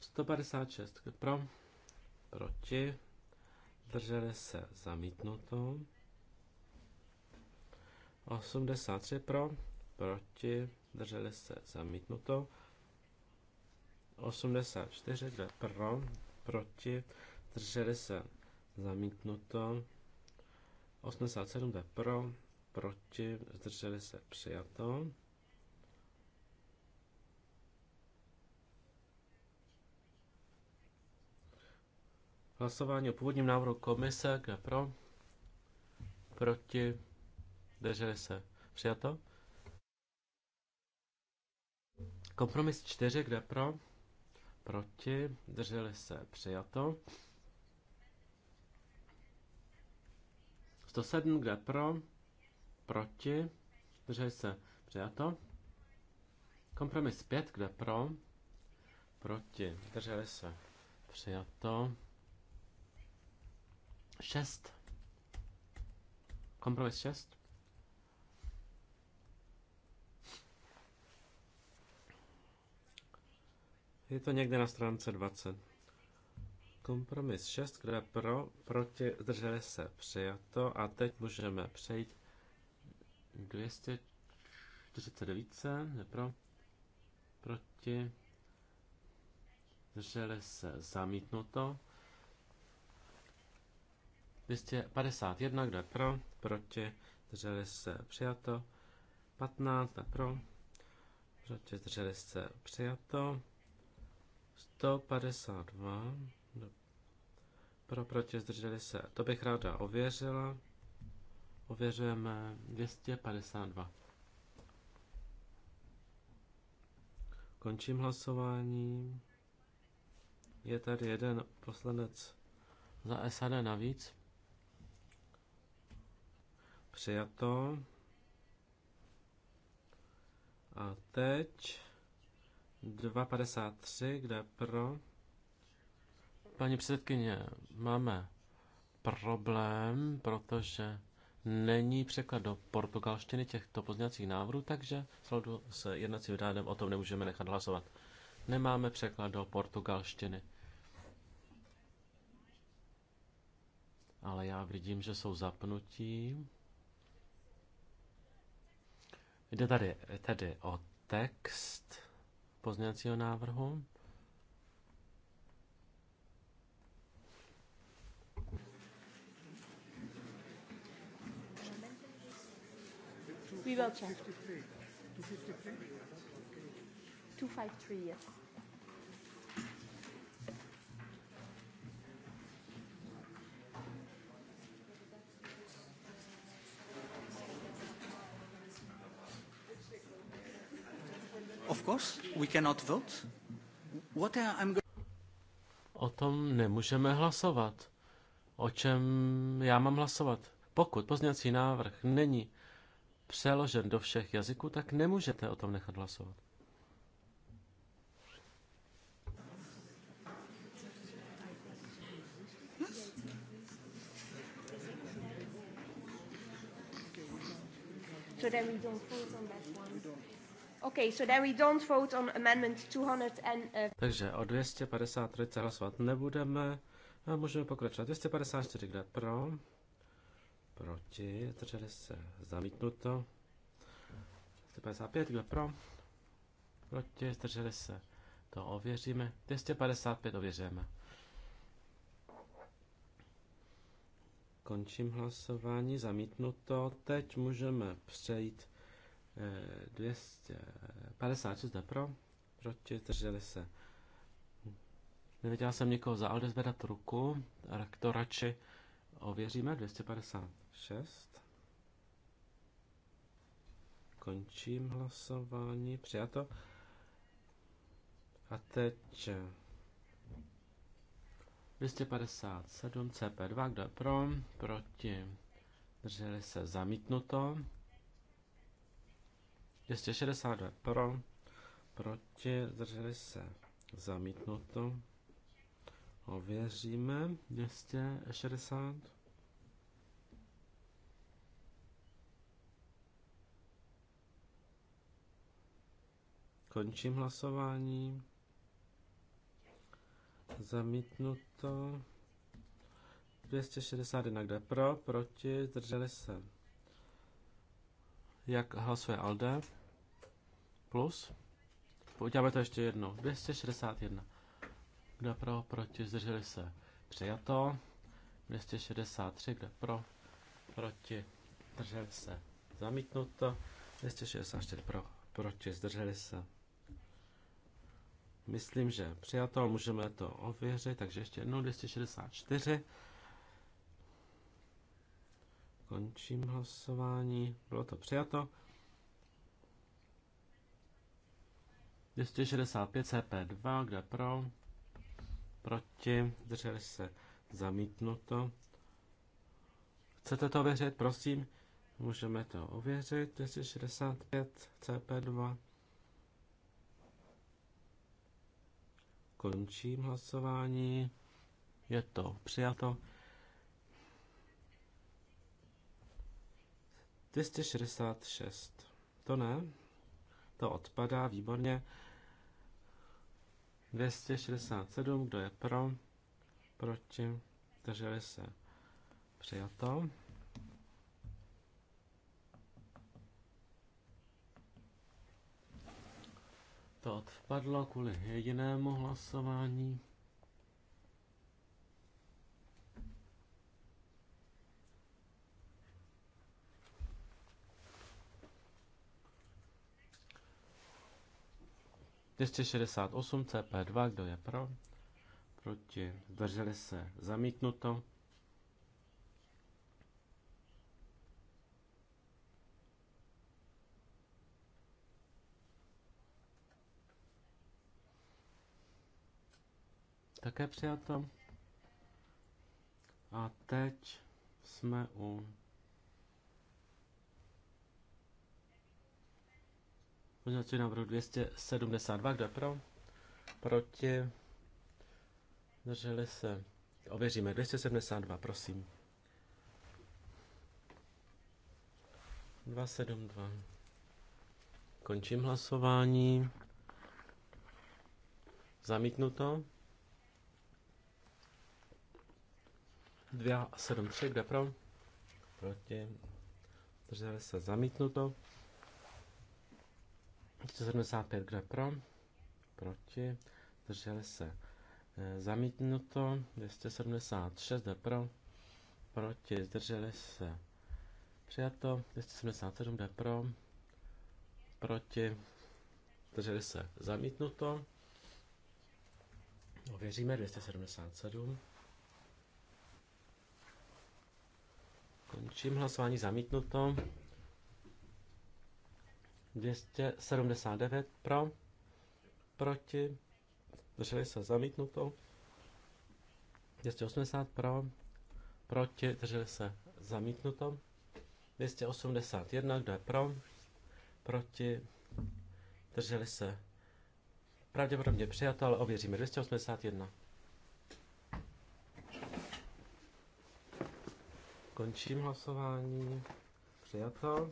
Sto padesát pro, proti, drželi se, zamítnuto. 83 pro, proti, drželi se zamítnuto. 84, kdo pro, proti, drželi se zamítnuto. 87, kdo pro, proti, zdrželi se přijato. Hlasování o původním návrhu komise, kde pro, proti, drželi se přijato. Kompromis 4, kde pro? Proti, drželi se, přijato. 107, kde pro? Proti, drželi se, přijato. Kompromis 5, kde pro? Proti, drželi se, přijato. 6. Kompromis 6. Je to někde na stránce 20. Kompromis 6, kde pro, proti, zdrželi se, přijato. A teď můžeme přejít 249, ne pro, proti, zdrželi se, zamítnuto. 251, kde pro, proti, zdrželi se, přijato. 15, ne pro, proti, zdrželi se, přijato. 152. Pro, proti, zdrželi se. To bych ráda ověřila. Ověřujeme 252. Končím hlasování. Je tady jeden poslanec za SAD navíc. Přijato. A teď 2.53, kde pro. Paní předsedkyně, máme problém, protože není překlad do portugalštiny těchto pozněcích návrhů, takže vzhledu s jednacím řádem o tom nemůžeme nechat hlasovat. Nemáme překlad do portugalštiny. Ale já vidím, že jsou zapnutí. Jde tady, tady o text pozměňovacího návrhu. We will check. 253, yes. o tom nemůžeme hlasovat. O čem já mám hlasovat? Pokud pozněcí návrh není přeložen do všech jazyků, tak nemůžete o tom nechat hlasovat. So then we don't Okay, so then we don't vote on amendment 200 and, uh... Takže o 253 hlasovat nebudeme. A můžeme pokračovat. 254, kde pro? Proti, drželi se zamítnuto. 255, kde pro? Proti, zdrželi se. To ověříme. 255 ověříme. Končím hlasování, zamítnuto. Teď můžeme přejít 256 pro, proti, drželi se. Neviděl jsem někoho za Alde zvedat ruku, tak to radši ověříme. 256. Končím hlasování. Přijato. A teď 257 eh, CP2, kdo je pro, proti, drželi se zamítnuto. 262 pro, proti, zdrželi se zamítnuto. Ověříme 260. Končím hlasování. Zamítnuto. 261 kde pro, proti, zdrželi se. Jak hlasuje Alde? plus. Uděláme to ještě jedno. 261. Kdo pro, proti, zdrželi se. Přijato. 263, kdo pro, proti, zdrželi se. Zamítnuto. 264 pro, proti, zdrželi se. Myslím, že přijato, ale můžeme to ověřit, takže ještě jednou 264. Končím hlasování. Bylo to přijato. 265 CP2, kde pro, proti, drželi se zamítnuto. Chcete to ověřit, prosím? Můžeme to ověřit, 265 CP2. Končím hlasování. Je to přijato. 266. To ne to odpadá, výborně. 267, kdo je pro, proti, drželi se, přijato. To odpadlo kvůli jedinému hlasování. 268 CP2, kdo je pro? Proti, zdrželi se, zamítnuto. Také přijato. A teď jsme u Pozměňovací návrhu 272, kdo je pro? Proti? Drželi se. Ověříme. 272, prosím. 272. Končím hlasování. Zamítnuto. 273, kde pro? Proti. Drželi se zamítnuto. 175, kdo je pro? Proti. Zdrželi se. E, zamítnuto. 276, kdo je pro? Proti. Zdrželi se. Přijato. 277, kdo je pro? Proti. Zdrželi se. Zamítnuto. Ověříme 277. Končím hlasování zamítnuto. 279 pro, proti, drželi se zamítnuto, 280 pro, proti, drželi se zamítnuto, 281, kdo je pro, proti, drželi se pravděpodobně přijato, ale ověříme 281. Končím hlasování. Přijato.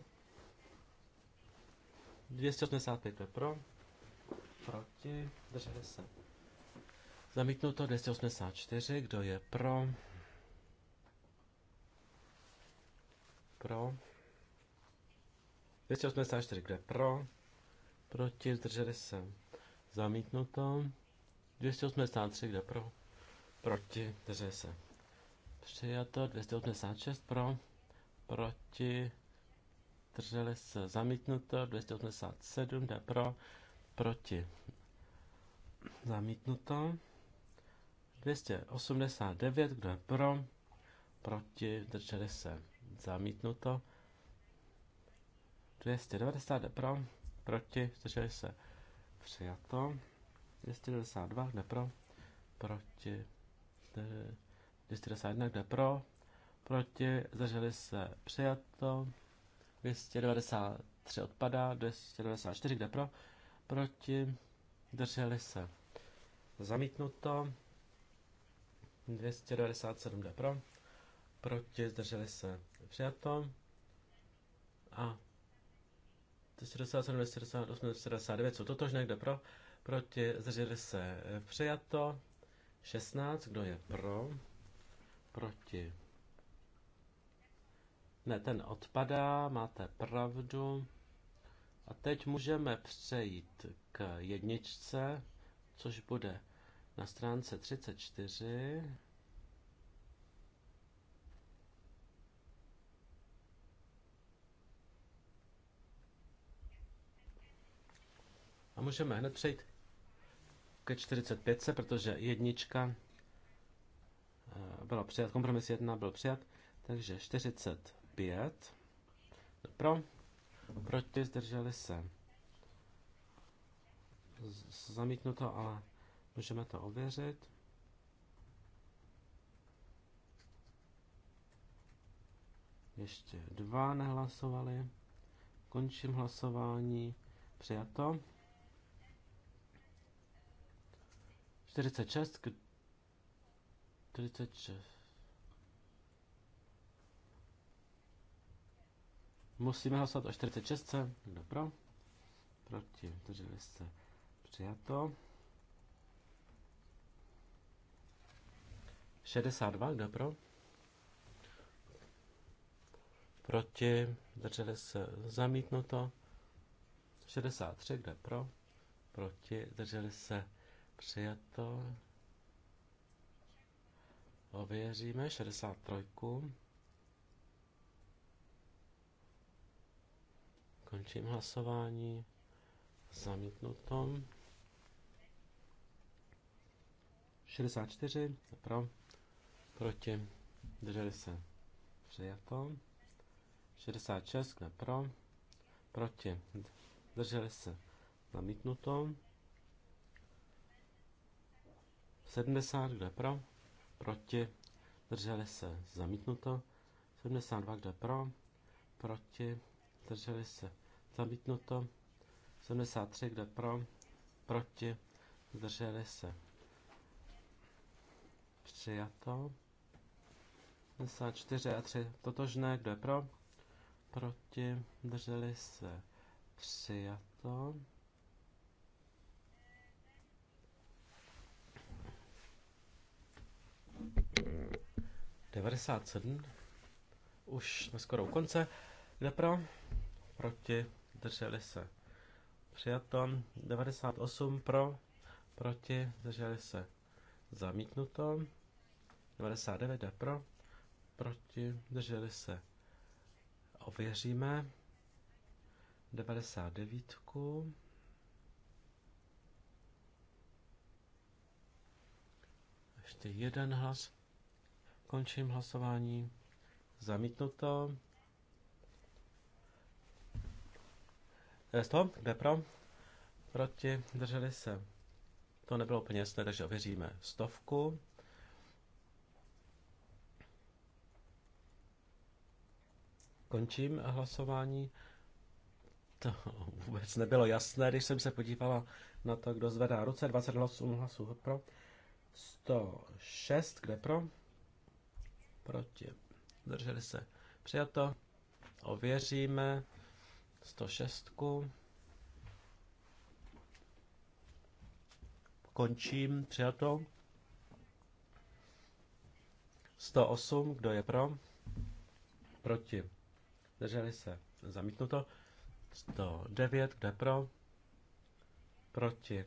285 je pro, proti, držíme se. Zamítnuto 284, kdo je pro, pro, 284, kdo je pro, proti, zdrželi se. Zamítnuto 283, kdo je pro, proti, zdrželi se. Přijato 286 pro, proti, zdrželi se zamítnuto, 287 jde pro, proti zamítnuto, 289, kdo je pro, proti zdrželi se zamítnuto, 290 jde pro, proti zdrželi se přijato, 292 kde pro, proti 291 kde pro, proti zdrželi se přijato, 293 odpadá, 294, kde pro? Proti, drželi se. Zamítnuto. 297 jde pro. Proti, zdrželi se. Přijato. A 267, 268, 279 jsou totožné, kde pro. Proti, zdrželi se. Přijato. 16, kdo je pro? Proti, ne, ten odpadá, máte pravdu. A teď můžeme přejít k jedničce, což bude na stránce 34. A můžeme hned přejít ke 45, protože jednička eh, byla přijat, kompromis 1 byl přijat, takže 45 5. Pro. Proti zdrželi se. Zamítnuto, ale můžeme to ověřit. Ještě dva nehlasovali. Končím hlasování. Přijato. 46. 46. Musíme hlasovat o 46. Kdo pro? Proti. Drželi se. Přijato. 62. Kdo pro? Proti. Drželi se. Zamítnuto. 63. Kdo pro? Proti. Drželi se. Přijato. Ověříme 63. Končím hlasování. Zamítnuto. 64 pro, proti, drželi se, přijato. 66 ne pro, proti, drželi se, zamítnuto. 70 kde pro, proti, drželi se, zamítnuto. 72 kde pro, proti, drželi se, zamítnuto. 73, kde pro, proti, zdrželi se. Přijato. 74 a 3 totožné, kdo je pro, proti, drželi se. Přijato. Devadesát sedm. Už jsme skoro u konce. Kde pro? Proti zdrželi se. Přijato 98 pro, proti, zdrželi se. Zamítnuto 99 je pro, proti, zdrželi se. Ověříme 99. Ještě jeden hlas. Končím hlasování. Zamítnuto. Eh, stop, kde pro, proti, drželi se. To nebylo úplně jasné, takže ověříme stovku. Končím hlasování. To vůbec nebylo jasné, když jsem se podívala na to, kdo zvedá ruce. 20 hlasů, hlasů pro. 106, kde pro? Proti. Drželi se. Přijato. Ověříme. 106. Končím, přijato. 108, kdo je pro? Proti. Drželi se. Zamítnuto. 109, kdo je pro? Proti.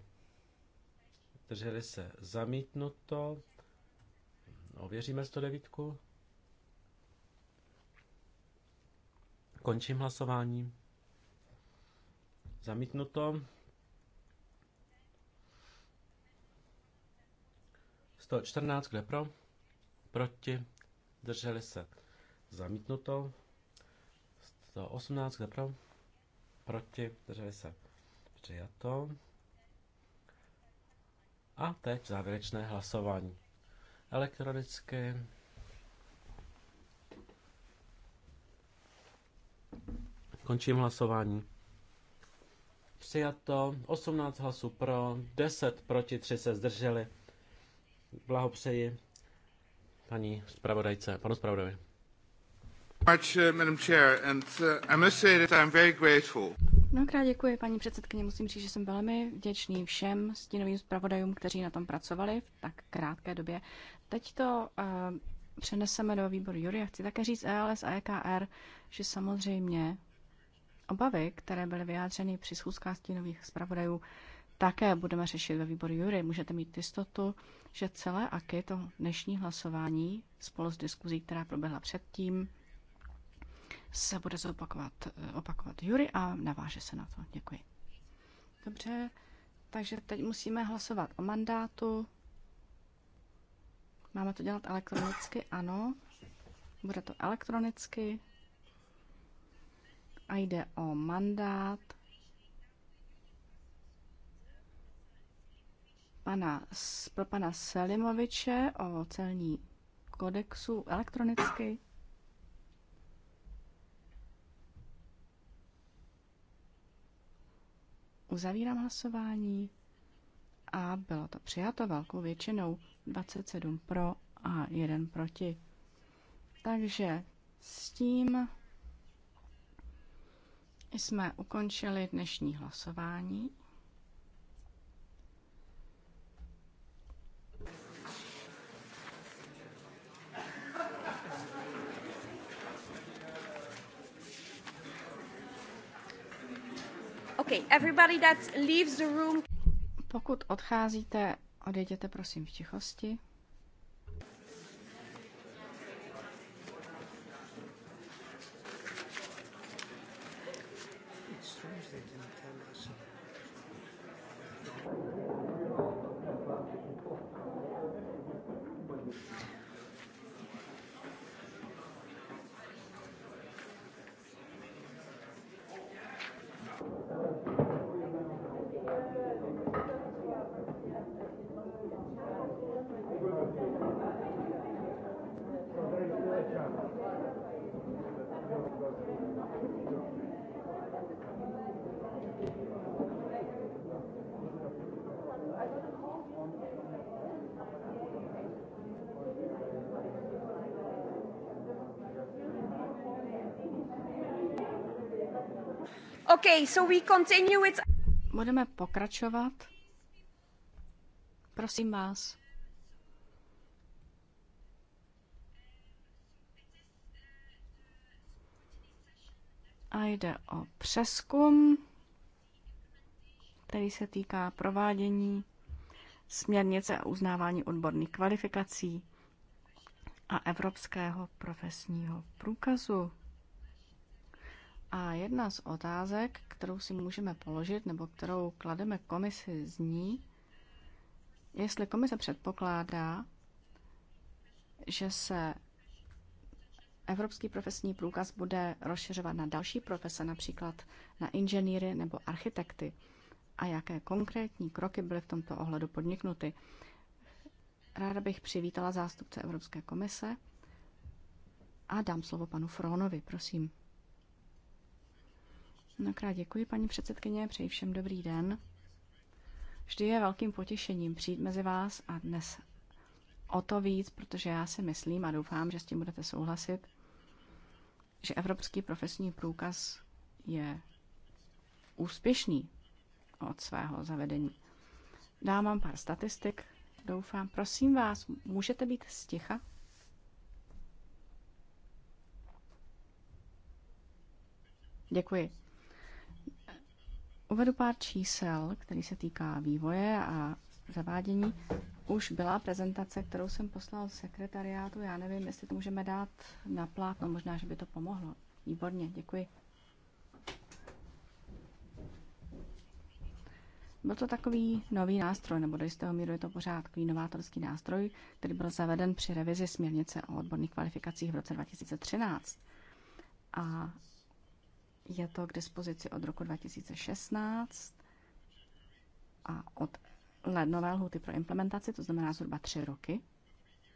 Drželi se. Zamítnuto. Ověříme 109. Končím hlasování. Zamítnuto. 114, kde pro? Proti. Drželi se. Zamítnuto. 118, kde pro? Proti. Drželi se. Přijato. A teď závěrečné hlasování. Elektronicky. Končím hlasování. Přijato 18 hlasů pro, 10 proti, 3 se zdrželi. Blahopřeji paní zpravodajce, panu zpravodovi. Uh, uh, Mnohokrát děkuji, paní předsedkyně. Musím říct, že jsem velmi vděčný všem stínovým zpravodajům, kteří na tom pracovali v tak krátké době. Teď to uh, přeneseme do výboru Jury. Já chci také říct ELS a EKR, že samozřejmě Obavy, které byly vyjádřeny při schůzkách stínových zpravodajů, také budeme řešit ve výboru Jury. Můžete mít jistotu, že celé AKY, to dnešní hlasování, spolu s diskuzí, která proběhla předtím, se bude zopakovat eh, opakovat Jury a naváže se na to. Děkuji. Dobře, takže teď musíme hlasovat o mandátu. Máme to dělat elektronicky? Ano. Bude to elektronicky a jde o mandát pana, pro pana Selimoviče o celní kodexu elektronicky. Uzavírám hlasování a bylo to přijato velkou většinou 27 pro a 1 proti. Takže s tím jsme ukončili dnešní hlasování. Okay, everybody that leaves the room. Pokud odcházíte, odejděte prosím v tichosti. Okay, so we continue with... Budeme pokračovat. Prosím vás. A jde o přeskum, který se týká provádění směrnice a uznávání odborných kvalifikací a Evropského profesního průkazu. A jedna z otázek, kterou si můžeme položit, nebo kterou klademe komisi, zní, jestli komise předpokládá, že se Evropský profesní průkaz bude rozšiřovat na další profese, například na inženýry nebo architekty. A jaké konkrétní kroky byly v tomto ohledu podniknuty? Ráda bych přivítala zástupce Evropské komise a dám slovo panu Frónovi, prosím. Mnohokrát děkuji, paní předsedkyně, přeji všem dobrý den. Vždy je velkým potěšením přijít mezi vás a dnes o to víc, protože já si myslím a doufám, že s tím budete souhlasit, že Evropský profesní průkaz je úspěšný od svého zavedení. Dám vám pár statistik, doufám. Prosím vás, můžete být sticha? Děkuji. Uvedu pár čísel, který se týká vývoje a zavádění. Už byla prezentace, kterou jsem poslal sekretariátu. Já nevím, jestli to můžeme dát na plátno. Možná, že by to pomohlo. Výborně, děkuji. Byl to takový nový nástroj, nebo do jistého míru je to pořád takový novátorský nástroj, který byl zaveden při revizi směrnice o odborných kvalifikacích v roce 2013. A je to k dispozici od roku 2016 a od lednové lhuty pro implementaci, to znamená zhruba tři roky,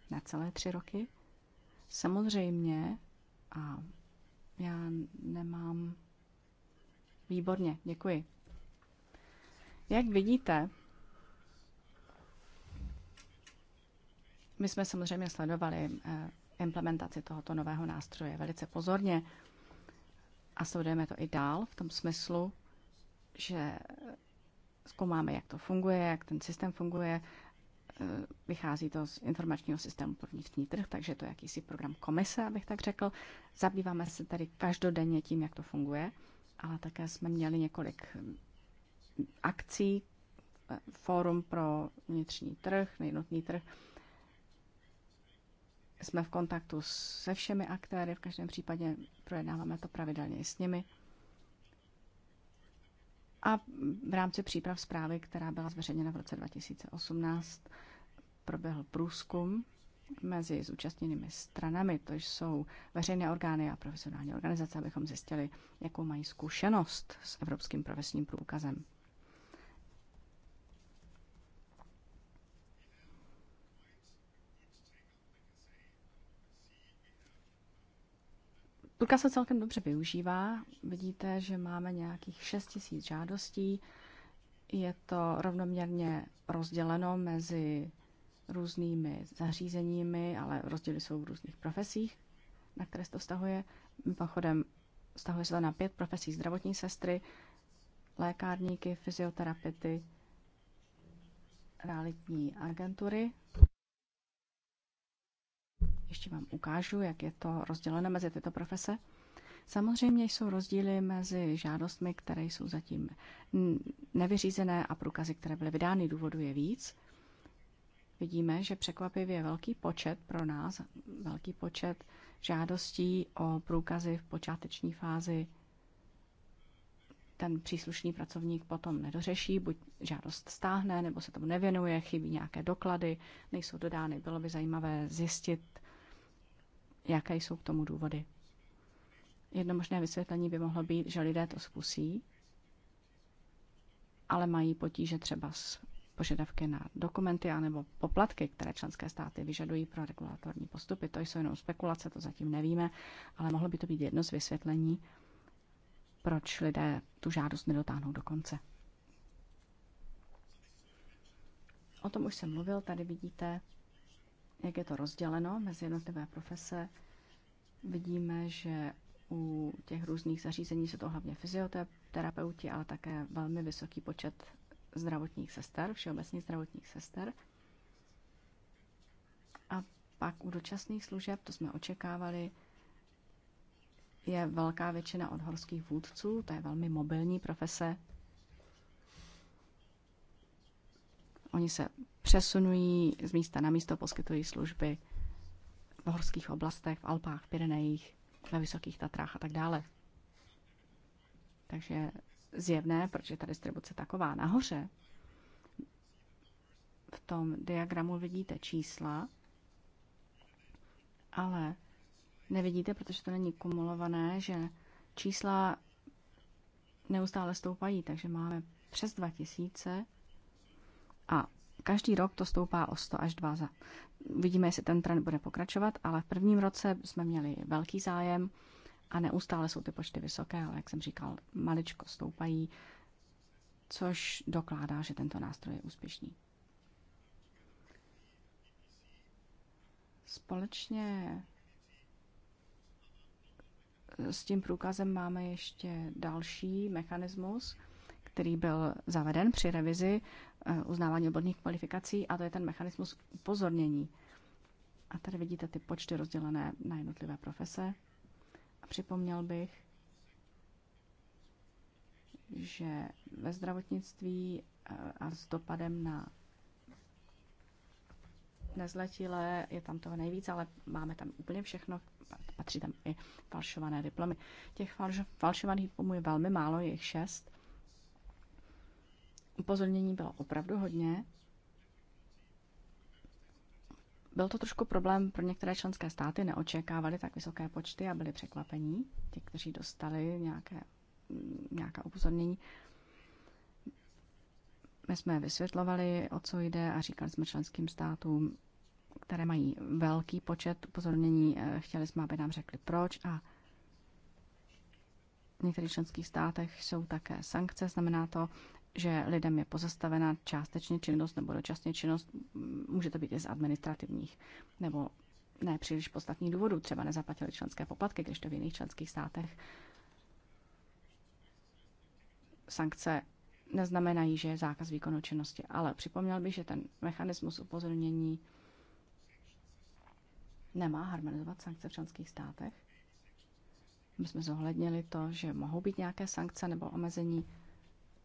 na celé tři roky. Samozřejmě, a já nemám. Výborně, děkuji. Jak vidíte, my jsme samozřejmě sledovali eh, implementaci tohoto nového nástroje velice pozorně. A sledujeme to i dál v tom smyslu, že zkoumáme, jak to funguje, jak ten systém funguje. E, vychází to z informačního systému pro vnitřní trh, takže to je jakýsi program komise, abych tak řekl. Zabýváme se tady každodenně tím, jak to funguje, ale také jsme měli několik akcí, e, fórum pro vnitřní trh, nejednotný trh, jsme v kontaktu se všemi aktéry, v každém případě projednáváme to pravidelně i s nimi. A v rámci příprav zprávy, která byla zveřejněna v roce 2018, proběhl průzkum mezi zúčastněnými stranami, to jsou veřejné orgány a profesionální organizace, abychom zjistili, jakou mají zkušenost s evropským profesním průkazem. Ruka se celkem dobře využívá. Vidíte, že máme nějakých 6 tisíc žádostí. Je to rovnoměrně rozděleno mezi různými zařízeními, ale rozdíly jsou v různých profesích, na které se to vztahuje. Pochodem vztahuje se to na pět profesí zdravotní sestry, lékárníky, fyzioterapeuty, realitní agentury ještě vám ukážu, jak je to rozděleno mezi tyto profese. Samozřejmě jsou rozdíly mezi žádostmi, které jsou zatím nevyřízené a průkazy, které byly vydány, důvodu je víc. Vidíme, že překvapivě velký počet pro nás, velký počet žádostí o průkazy v počáteční fázi ten příslušný pracovník potom nedořeší, buď žádost stáhne, nebo se tomu nevěnuje, chybí nějaké doklady, nejsou dodány. Bylo by zajímavé zjistit, jaké jsou k tomu důvody. Jedno možné vysvětlení by mohlo být, že lidé to zkusí, ale mají potíže třeba s požadavky na dokumenty anebo poplatky, které členské státy vyžadují pro regulatorní postupy. To jsou jenom spekulace, to zatím nevíme, ale mohlo by to být jedno z vysvětlení, proč lidé tu žádost nedotáhnou do konce. O tom už jsem mluvil, tady vidíte jak je to rozděleno mezi jednotlivé profese, vidíme, že u těch různých zařízení jsou to hlavně fyzioterapeuti, ale také velmi vysoký počet zdravotních sester, všeobecných zdravotních sester. A pak u dočasných služeb, to jsme očekávali, je velká většina od horských vůdců, to je velmi mobilní profese, Oni se přesunují z místa na místo, poskytují služby v horských oblastech, v Alpách, v Pirenejích, ve Vysokých Tatrách a tak dále. Takže zjevné, proč je ta distribuce taková. Nahoře v tom diagramu vidíte čísla, ale nevidíte, protože to není kumulované, že čísla neustále stoupají, takže máme přes 2000 a každý rok to stoupá o 100 až za. Vidíme, jestli ten trend bude pokračovat, ale v prvním roce jsme měli velký zájem a neustále jsou ty počty vysoké, ale jak jsem říkal, maličko stoupají, což dokládá, že tento nástroj je úspěšný. Společně s tím průkazem máme ještě další mechanismus, který byl zaveden při revizi eh, uznávání odborných kvalifikací, a to je ten mechanismus upozornění. A tady vidíte ty počty rozdělené na jednotlivé profese. A připomněl bych, že ve zdravotnictví eh, a s dopadem na nezletilé je tam toho nejvíc, ale máme tam úplně všechno, patří tam i falšované diplomy. Těch falš, falšovaných diplomů je velmi málo, je jich šest. Upozornění bylo opravdu hodně. Byl to trošku problém pro některé členské státy, neočekávali tak vysoké počty a byli překvapení, ti, kteří dostali nějaké, nějaká upozornění. My jsme vysvětlovali, o co jde a říkali jsme členským státům, které mají velký počet upozornění, eh, chtěli jsme, aby nám řekli proč a v některých členských státech jsou také sankce, znamená to, že lidem je pozastavena částečně činnost nebo dočasně činnost, může to být i z administrativních nebo ne příliš podstatných důvodů, třeba nezaplatili členské poplatky, když to v jiných členských státech sankce neznamenají, že je zákaz výkonu činnosti, ale připomněl bych, že ten mechanismus upozornění nemá harmonizovat sankce v členských státech. My jsme zohlednili to, že mohou být nějaké sankce nebo omezení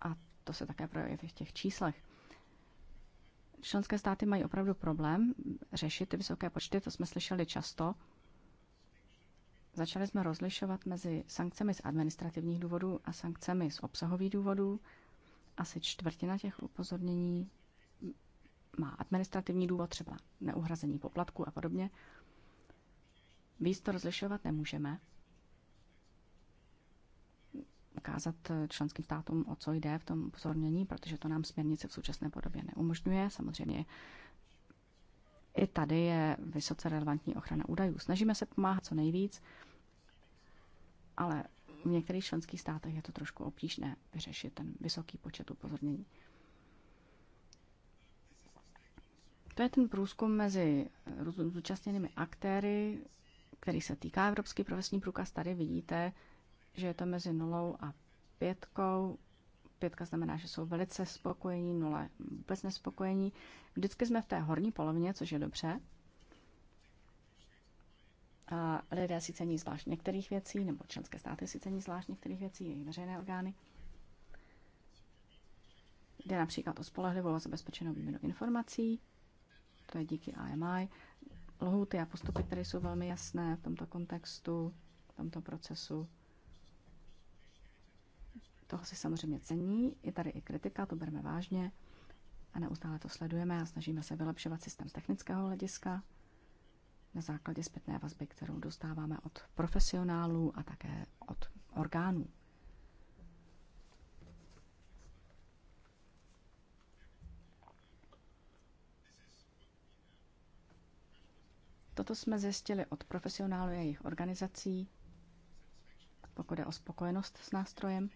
a to se také projeví v těch číslech. Členské státy mají opravdu problém řešit ty vysoké počty, to jsme slyšeli často. Začali jsme rozlišovat mezi sankcemi z administrativních důvodů a sankcemi z obsahových důvodů. Asi čtvrtina těch upozornění má administrativní důvod, třeba neuhrazení poplatku a podobně. Víc to rozlišovat nemůžeme, zakázat eh, členským státům, o co jde v tom upozornění, protože to nám směrnice v současné podobě neumožňuje. Samozřejmě i tady je vysoce relevantní ochrana údajů. Snažíme se pomáhat co nejvíc, ale v některých členských státech je to trošku obtížné vyřešit ten vysoký počet upozornění. To je ten průzkum mezi eh, zúčastněnými aktéry, který se týká Evropský profesní průkaz. Tady vidíte, že je to mezi nulou a pětkou. Pětka znamená, že jsou velice spokojení, nula vůbec nespokojení. Vždycky jsme v té horní polovině, což je dobře. A lidé si cení zvlášť některých věcí, nebo členské státy si cení zvlášť některých věcí, jejich veřejné orgány. Jde například o spolehlivou a zabezpečenou výměnu informací, to je díky AMI, lhuty a postupy, které jsou velmi jasné v tomto kontextu, v tomto procesu. Toho si samozřejmě cení, je tady i kritika, to bereme vážně a neustále to sledujeme a snažíme se vylepšovat systém z technického hlediska na základě zpětné vazby, kterou dostáváme od profesionálů a také od orgánů. Toto jsme zjistili od profesionálů a jejich organizací, pokud je o spokojenost s nástrojem.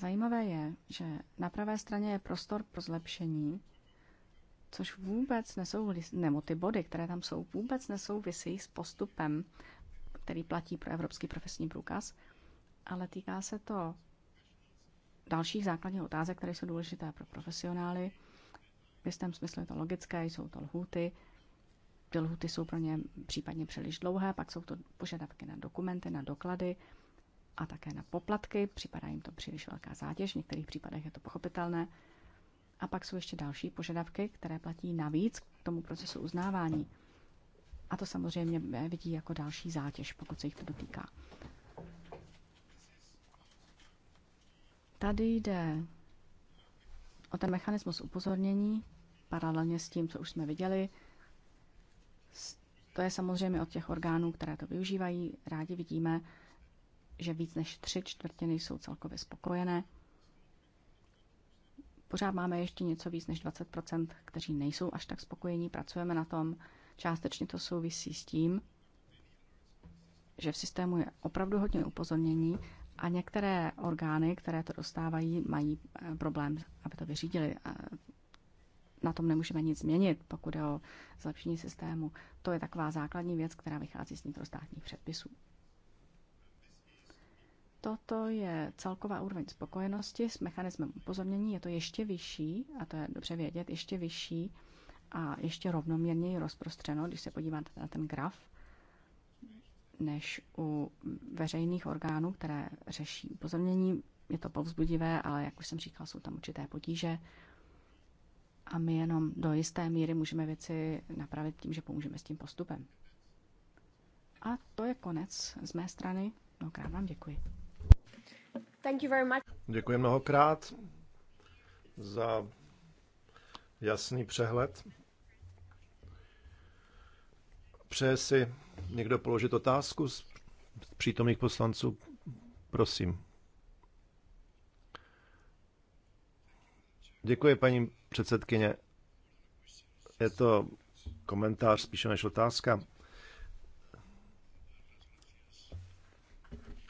Zajímavé je, že na pravé straně je prostor pro zlepšení, což vůbec nesouvisí, nebo ty body, které tam jsou, vůbec nesouvisí s postupem, který platí pro Evropský profesní průkaz, ale týká se to dalších základních otázek, které jsou důležité pro profesionály. V jistém smyslu je to logické, jsou to lhuty, Ty lhuty jsou pro ně případně příliš dlouhé, pak jsou to požadavky na dokumenty, na doklady, a také na poplatky. Připadá jim to příliš velká zátěž, v některých případech je to pochopitelné. A pak jsou ještě další požadavky, které platí navíc k tomu procesu uznávání. A to samozřejmě vidí jako další zátěž, pokud se jich to dotýká. Tady jde o ten mechanismus upozornění, paralelně s tím, co už jsme viděli. To je samozřejmě od těch orgánů, které to využívají. Rádi vidíme, že víc než tři čtvrtiny jsou celkově spokojené. Pořád máme ještě něco víc než 20 kteří nejsou až tak spokojení, pracujeme na tom. Částečně to souvisí s tím, že v systému je opravdu hodně upozornění a některé orgány, které to dostávají, mají eh, problém, aby to vyřídili. Na tom nemůžeme nic změnit, pokud je o zlepšení systému. To je taková základní věc, která vychází z vnitrostátních předpisů. Toto je celková úroveň spokojenosti s mechanismem upozornění. Je to ještě vyšší, a to je dobře vědět, ještě vyšší a ještě rovnoměrněji rozprostřeno, když se podíváte na ten graf, než u veřejných orgánů, které řeší upozornění. Je to povzbudivé, ale jak už jsem říkal, jsou tam určité potíže. A my jenom do jisté míry můžeme věci napravit tím, že pomůžeme s tím postupem. A to je konec z mé strany. Mnohokrát vám děkuji. Thank you very much. Děkuji mnohokrát za jasný přehled. Přeje si někdo položit otázku z přítomných poslanců? Prosím. Děkuji, paní předsedkyně. Je to komentář spíše než otázka.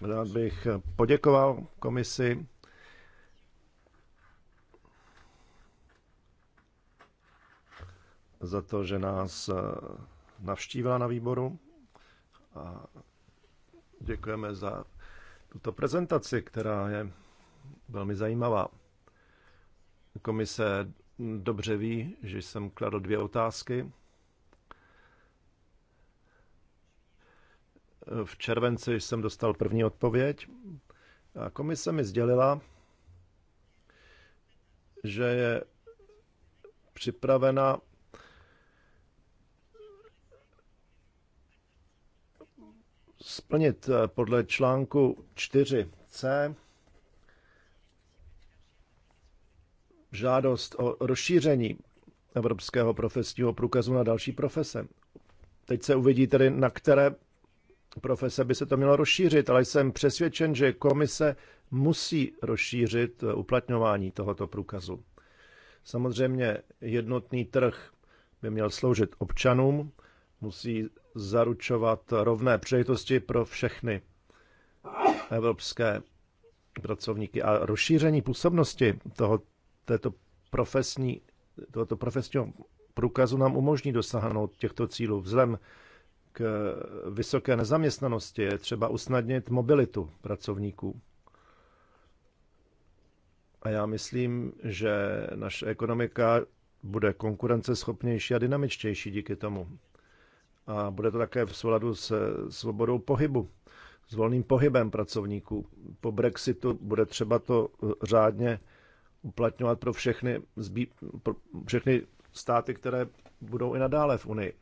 Rád bych poděkoval komisi. za to, že nás eh, navštívila na výboru a děkujeme za tuto prezentaci, která je velmi zajímavá. Komise dobře ví, že jsem kladl dvě otázky V červenci jsem dostal první odpověď a komise mi sdělila, že je připravena splnit eh, podle článku 4c žádost o rozšíření Evropského profesního průkazu na další profese. Teď se uvidí tedy, na které profese by se to mělo rozšířit, ale jsem přesvědčen, že komise musí rozšířit eh, uplatňování tohoto průkazu. Samozřejmě jednotný trh by měl sloužit občanům, musí zaručovat rovné příležitosti pro všechny evropské pracovníky. A rozšíření působnosti toho, této profesní, tohoto profesního průkazu nám umožní dosáhnout těchto cílů vzhledem k vysoké nezaměstnanosti je třeba usnadnit mobilitu pracovníků. A já myslím, že naše ekonomika bude konkurenceschopnější a dynamičtější díky tomu. A bude to také v souladu se svobodou pohybu, s volným pohybem pracovníků. Po Brexitu bude třeba to řádně uplatňovat pro všechny, pro všechny státy, které budou i nadále v Unii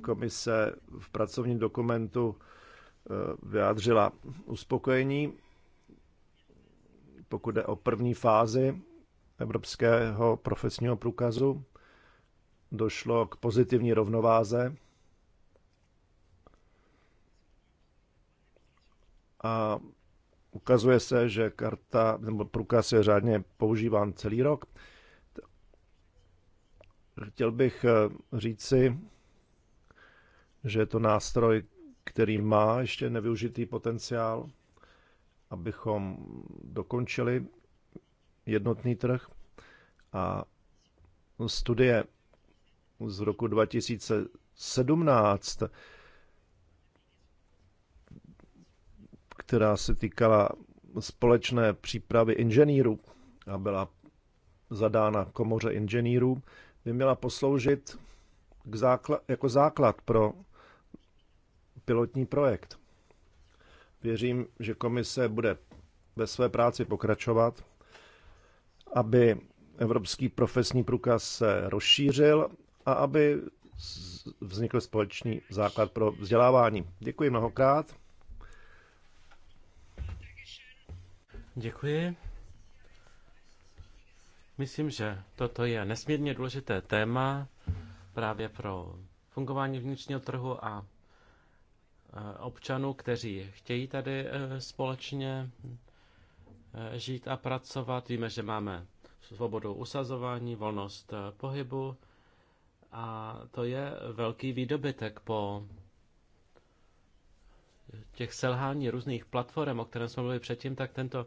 komise v pracovním dokumentu eh, vyjádřila uspokojení, pokud jde o první fázi evropského profesního průkazu. Došlo k pozitivní rovnováze a ukazuje se, že karta nebo průkaz je řádně používán celý rok. Chtěl bych eh, říci, že je to nástroj, který má ještě nevyužitý potenciál, abychom dokončili jednotný trh. A studie z roku 2017, která se týkala společné přípravy inženýrů a byla zadána komoře inženýrů, by měla posloužit k základ, jako základ pro pilotní projekt. Věřím, že komise bude ve své práci pokračovat, aby evropský profesní průkaz se rozšířil a aby vznikl společný základ pro vzdělávání. Děkuji mnohokrát. Děkuji. Myslím, že toto je nesmírně důležité téma právě pro fungování vnitřního trhu a Eh, občanů, kteří chtějí tady eh, společně eh, žít a pracovat. Víme, že máme svobodu usazování, volnost pohybu a to je velký výdobytek po těch selhání různých platform, o kterém jsme mluvili předtím, tak tento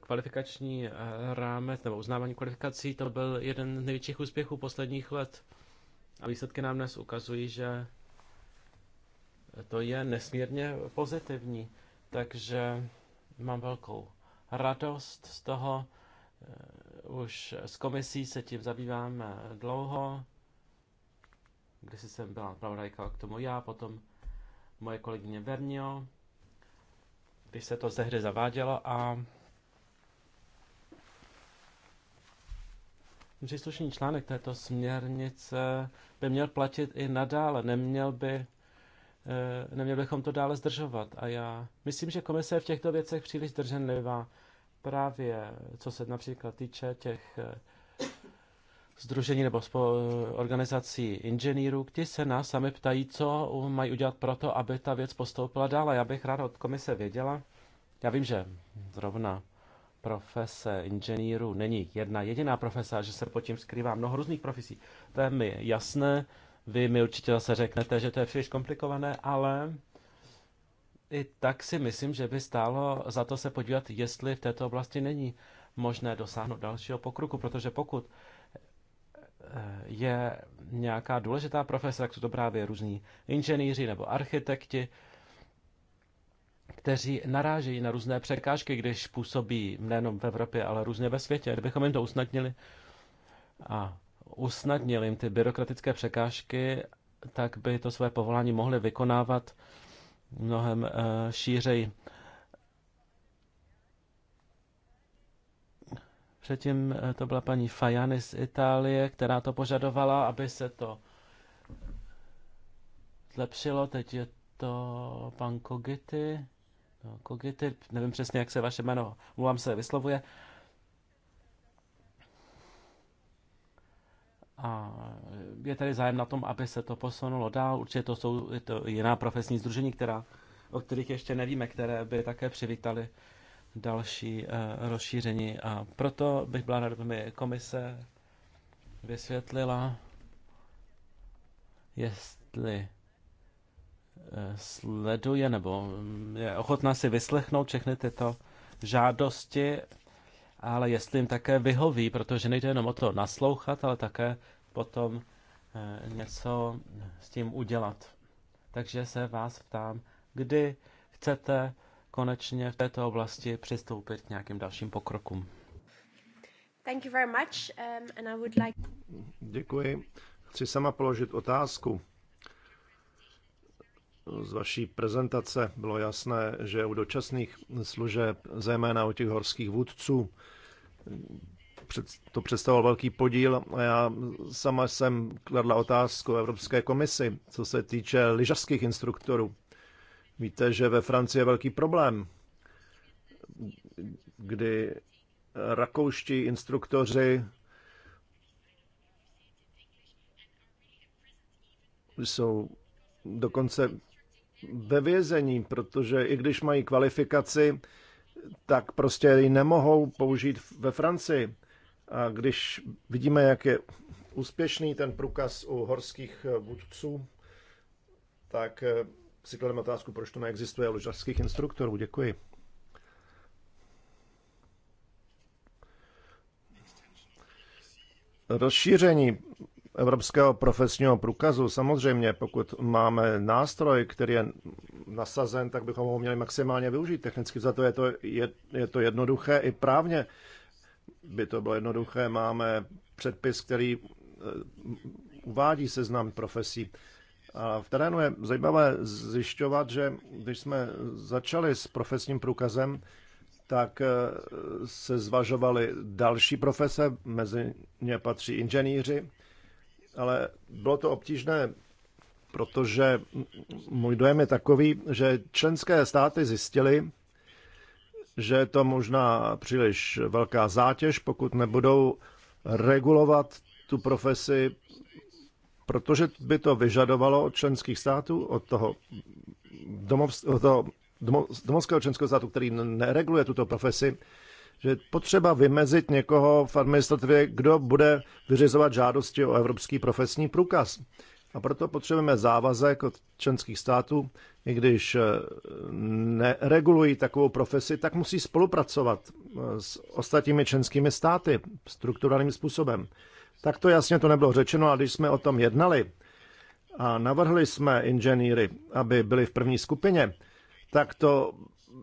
kvalifikační rámec nebo uznávání kvalifikací, to byl jeden z největších úspěchů posledních let. A výsledky nám dnes ukazují, že to je nesmírně pozitivní. Takže mám velkou radost z toho. Eh, už s komisí se tím zabýváme eh, dlouho. Když jsem byla pravodajka k tomu já, potom moje kolegyně Vernio, když se to ze hry zavádělo a příslušný článek této směrnice by měl platit i nadále, neměl by Eh, neměli bychom to dále zdržovat. A já myslím, že komise je v těchto věcech příliš zdrženlivá, právě co se například týče těch združení eh, nebo organizací inženýrů, kteří se nás sami ptají, co mají udělat pro to, aby ta věc postoupila dál. Já bych rád, od komise věděla. Já vím, že zrovna profese inženýrů není jedna jediná profesa, že se pod tím skrývá mnoho různých profesí. To je mi jasné, vy mi určitě zase řeknete, že to je příliš komplikované, ale i tak si myslím, že by stálo za to se podívat, jestli v této oblasti není možné dosáhnout dalšího pokroku, protože pokud eh, je nějaká důležitá profese, tak jsou to právě různí inženýři nebo architekti, kteří narážejí na různé překážky, když působí nejenom v Evropě, ale různě ve světě, kdybychom jim to usnadnili a usnadnil jim ty byrokratické překážky, tak by to své povolání mohli vykonávat mnohem eh, šířej. Předtím eh, to byla paní Fajany z Itálie, která to požadovala, aby se to zlepšilo. Teď je to pan Kogity. No, Kogity, nevím přesně, jak se vaše jméno, mluvám se, vyslovuje. Uh, A je tady zájem na tom, aby se to posunulo dál. Určitě to jsou to jiná profesní združení, která, o kterých ještě nevíme, které by také přivítali další uh, rozšíření. A proto bych byla ráda, mi komise vysvětlila, jestli eh, sleduje nebo mm, je ochotná si vyslechnout všechny tyto žádosti ale jestli jim také vyhoví, protože nejde jenom o to naslouchat, ale také potom eh, něco s tím udělat. Takže se vás ptám, kdy chcete konečně v této oblasti přistoupit k nějakým dalším pokrokům. Thank you very much, um, and I would like... Děkuji. Chci sama položit otázku z vaší prezentace bylo jasné, že u dočasných služeb, zejména u těch horských vůdců, to představoval velký podíl a já sama jsem kladla otázku Evropské komisi, co se týče lyžařských instruktorů. Víte, že ve Francii je velký problém, kdy rakouští instruktoři jsou dokonce ve vězení, protože i když mají kvalifikaci, tak prostě ji nemohou použít ve Francii. A když vidíme, jak je úspěšný ten průkaz u horských eh, vůdců, tak eh, si klademe otázku, proč to neexistuje u lyžařských instruktorů. Děkuji. Rozšíření evropského profesního průkazu. Samozřejmě, pokud máme nástroj, který je nasazen, tak bychom ho měli maximálně využít. Technicky za to je to, je, je to jednoduché, i právně by to bylo jednoduché. Máme předpis, který eh, uvádí seznam profesí. A v terénu je zajímavé zjišťovat, že když jsme začali s profesním průkazem, tak eh, se zvažovaly další profese, mezi ně patří inženýři, ale bylo to obtížné, protože můj dojem je takový, že členské státy zjistily, že je to možná příliš velká zátěž, pokud nebudou regulovat tu profesi, protože by to vyžadovalo od členských států, od toho, domov, od toho domovského členského státu, který nereguluje tuto profesi, že potřeba vymezit někoho v administrativě, kdo bude vyřizovat žádosti o evropský profesní průkaz. A proto potřebujeme závazek od členských států, i když eh, neregulují takovou profesi, tak musí spolupracovat eh, s ostatními členskými státy strukturálním způsobem. Tak to jasně to nebylo řečeno, ale když jsme o tom jednali a navrhli jsme inženýry, aby byli v první skupině, tak to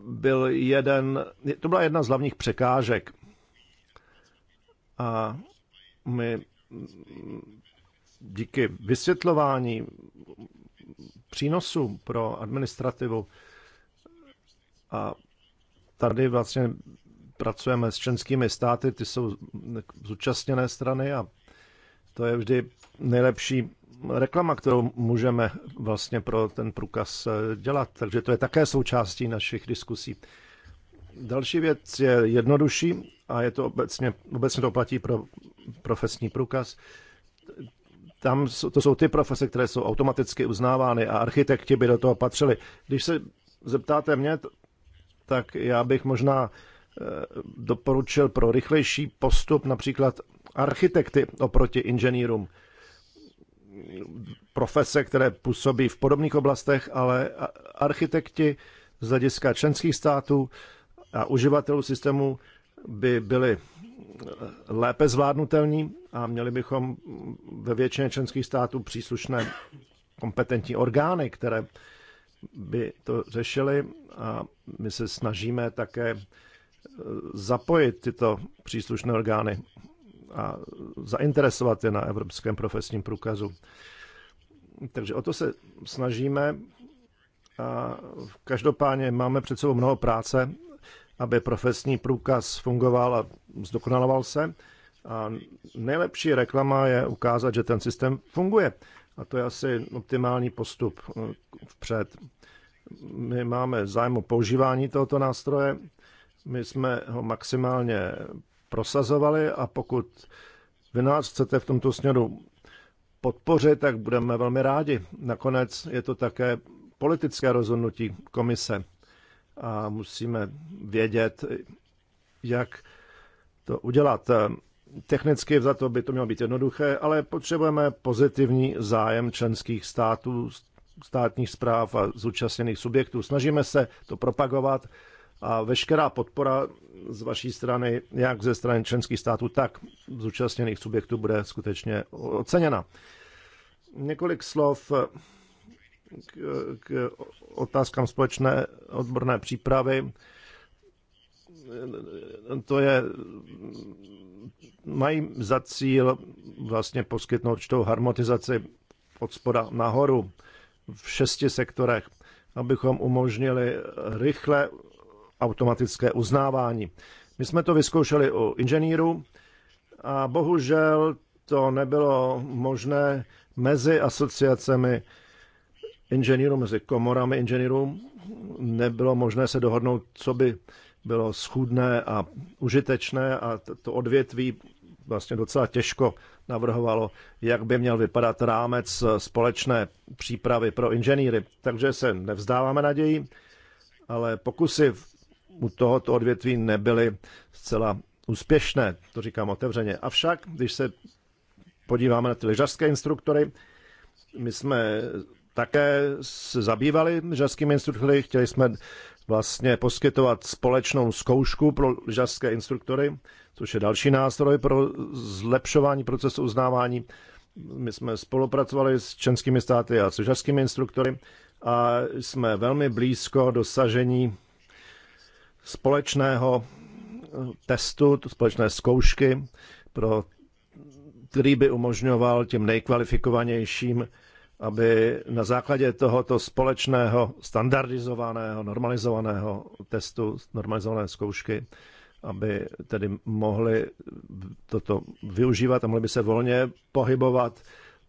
byl jeden, to byla jedna z hlavních překážek. A my díky vysvětlování přínosu pro administrativu a tady vlastně pracujeme s členskými státy, ty jsou zúčastněné strany a to je vždy nejlepší reklama, kterou můžeme vlastně pro ten průkaz eh, dělat. Takže to je také součástí našich diskusí. Další věc je jednodušší a je to obecně, obecně to platí pro profesní průkaz. Tam to jsou ty profese, které jsou automaticky uznávány a architekti by do toho patřili. Když se zeptáte mě, tak já bych možná eh, doporučil pro rychlejší postup například architekty oproti inženýrům profese, které působí v podobných oblastech, ale architekti z hlediska členských států a uživatelů systému by byli lépe zvládnutelní a měli bychom ve většině členských států příslušné kompetentní orgány, které by to řešili a my se snažíme také zapojit tyto příslušné orgány a zainteresovat je na Evropském profesním průkazu. Takže o to se snažíme. A každopádně máme před sebou mnoho práce, aby profesní průkaz fungoval a zdokonaloval se. A nejlepší reklama je ukázat, že ten systém funguje. A to je asi optimální postup eh, vpřed. My máme zájem o používání tohoto nástroje, my jsme ho maximálně prosazovali a pokud vy nás chcete v tomto směru podpořit, tak budeme velmi rádi. Nakonec je to také politické rozhodnutí komise a musíme vědět, jak to udělat. Technicky za to by to mělo být jednoduché, ale potřebujeme pozitivní zájem členských států, státních zpráv a zúčastněných subjektů. Snažíme se to propagovat a veškerá podpora z vaší strany, jak ze strany členských států, tak zúčastněných subjektů bude skutečně oceněna. Několik slov k, k otázkám společné odborné přípravy. To je, mají za cíl vlastně poskytnout určitou harmonizaci od spoda nahoru v šesti sektorech, abychom umožnili rychle automatické uznávání. My jsme to vyzkoušeli u inženýrů a bohužel to nebylo možné mezi asociacemi inženýrů, mezi komorami inženýrů. Nebylo možné se dohodnout, co by bylo schůdné a užitečné a to odvětví vlastně docela těžko navrhovalo, jak by měl vypadat rámec společné přípravy pro inženýry. Takže se nevzdáváme naději, ale pokusy v u tohoto odvětví nebyly zcela úspěšné, to říkám otevřeně. Avšak, když se podíváme na ty lyžařské instruktory, my jsme také se zabývali lyžařskými instruktory, chtěli jsme vlastně poskytovat společnou zkoušku pro lyžařské instruktory, což je další nástroj pro zlepšování procesu uznávání. My jsme spolupracovali s členskými státy a s lyžařskými instruktory a jsme velmi blízko dosažení společného eh, testu, společné zkoušky, pro, který by umožňoval těm nejkvalifikovanějším, aby na základě tohoto společného, standardizovaného, normalizovaného testu, normalizované zkoušky, aby tedy mohli toto využívat a mohli by se volně pohybovat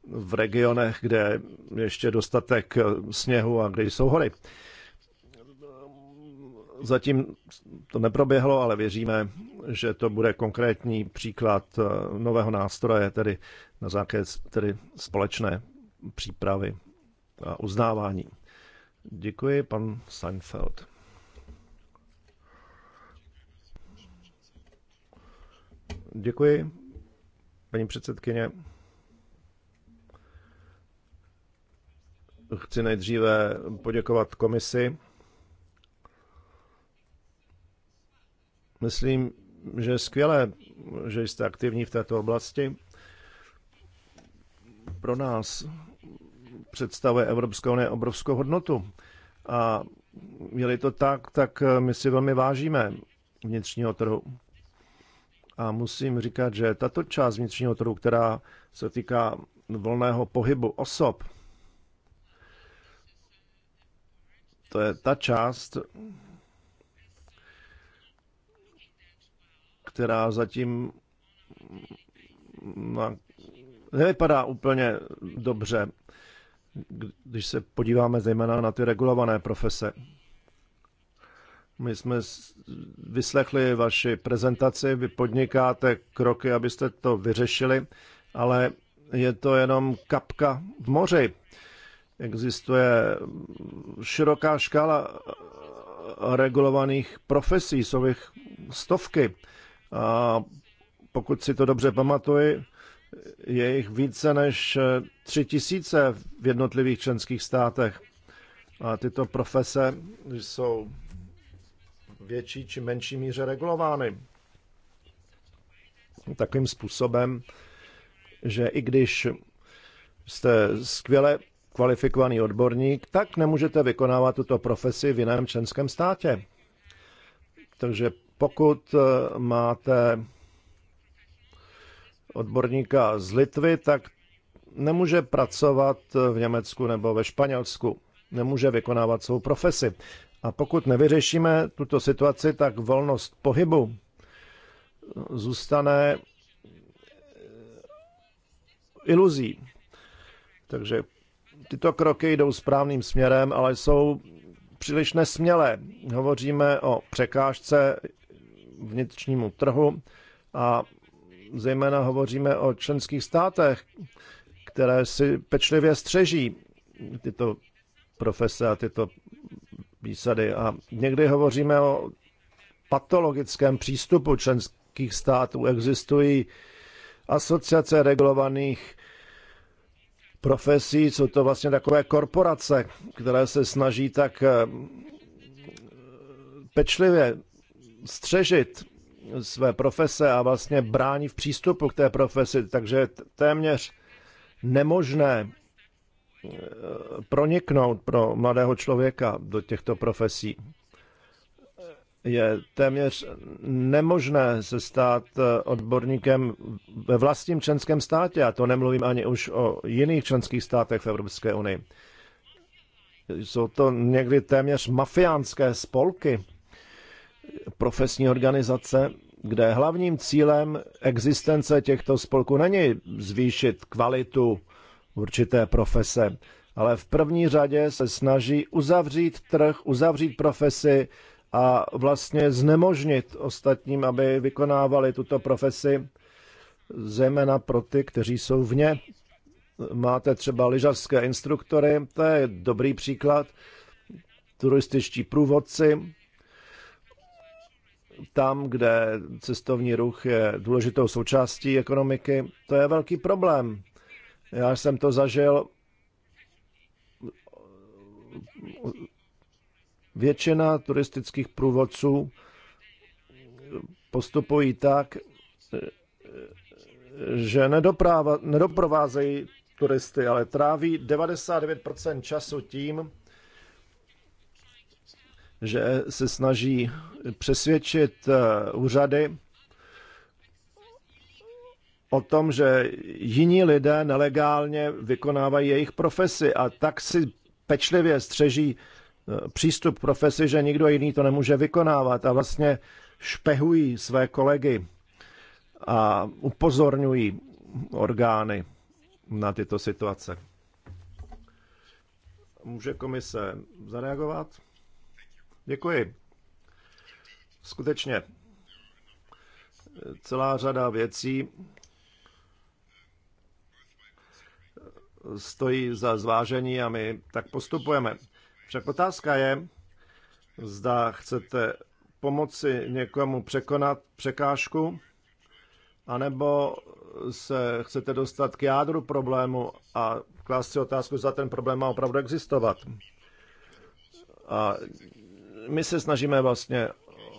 v regionech, kde ještě dostatek eh, sněhu a kde jsou hory. Zatím to neproběhlo, ale věříme, že to bude konkrétní příklad eh, nového nástroje, tedy na základě tedy společné přípravy a uznávání. Děkuji, pan Seinfeld. Děkuji, paní předsedkyně. Chci nejdříve poděkovat komisi Myslím, že je skvělé, že jste aktivní v této oblasti. Pro nás představuje Evropská unie obrovskou hodnotu. A je to tak, tak eh, my si velmi vážíme vnitřního trhu. A musím říkat, že tato část vnitřního trhu, která se týká volného pohybu osob, to je ta část, která zatím nevypadá úplně dobře, když se podíváme zejména na ty regulované profese. My jsme vyslechli vaši prezentaci, vy podnikáte kroky, abyste to vyřešili, ale je to jenom kapka v moři. Existuje široká škála regulovaných profesí, jsou jich stovky. A pokud si to dobře pamatuji, je jich více než eh, tři tisíce v jednotlivých členských státech. A tyto profese jsou větší či menší míře regulovány. Takovým způsobem, že i když jste skvěle kvalifikovaný odborník, tak nemůžete vykonávat tuto profesi v jiném členském státě. Takže pokud eh, máte odborníka z Litvy, tak nemůže pracovat v Německu nebo ve Španělsku. Nemůže vykonávat svou profesi. A pokud nevyřešíme tuto situaci, tak volnost pohybu zůstane eh, iluzí. Takže tyto kroky jdou správným směrem, ale jsou příliš nesmělé. Hovoříme o překážce vnitřnímu trhu a zejména hovoříme o členských státech, které si pečlivě střeží tyto profese a tyto výsady. A někdy hovoříme o patologickém přístupu členských států. Existují asociace regulovaných profesí, jsou to vlastně takové korporace, které se snaží tak eh, pečlivě střežit své profese a vlastně brání v přístupu k té profesi, takže je téměř nemožné eh, proniknout pro mladého člověka do těchto profesí je téměř nemožné se stát eh, odborníkem ve vlastním členském státě, a to nemluvím ani už o jiných členských státech v Evropské unii. Jsou to někdy téměř mafiánské spolky, profesní organizace, kde hlavním cílem existence těchto spolků není zvýšit kvalitu určité profese, ale v první řadě se snaží uzavřít trh, uzavřít profesi, a vlastně znemožnit ostatním, aby vykonávali tuto profesi, zejména pro ty, kteří jsou vně. Máte třeba lyžařské instruktory, to je dobrý příklad, turističtí průvodci, tam, kde cestovní ruch je důležitou součástí ekonomiky, to je velký problém. Já jsem to zažil Většina turistických průvodců postupují tak, že nedoprovázejí turisty, ale tráví 99% času tím, že se snaží přesvědčit eh, úřady o tom, že jiní lidé nelegálně vykonávají jejich profesi a tak si pečlivě střeží přístup k profesi, že nikdo jiný to nemůže vykonávat a vlastně špehují své kolegy a upozorňují orgány na tyto situace. Může komise zareagovat? Děkuji. Skutečně. Celá řada věcí stojí za zvážení a my tak postupujeme. Však otázka je, zda chcete pomoci někomu překonat překážku, anebo se chcete dostat k jádru problému a klást si otázku, zda ten problém má opravdu existovat. A my se snažíme vlastně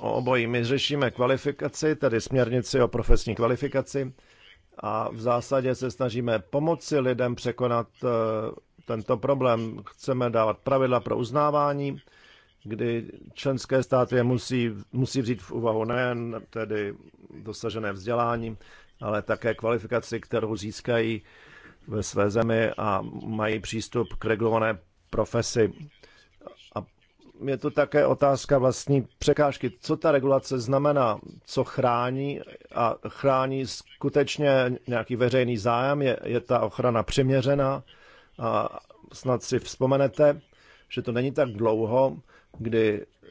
o obojí. My řešíme kvalifikaci, tedy směrnici o profesní kvalifikaci a v zásadě se snažíme pomoci lidem překonat eh, tento problém. Chceme dávat pravidla pro uznávání, kdy členské státy musí, musí vzít v úvahu nejen tedy dosažené vzdělání, ale také kvalifikaci, kterou získají ve své zemi a mají přístup k regulované profesi. A je to také otázka vlastní překážky. Co ta regulace znamená? Co chrání? A chrání skutečně nějaký veřejný zájem? Je, je ta ochrana přiměřená? A snad si vzpomenete, že to není tak dlouho, kdy eh,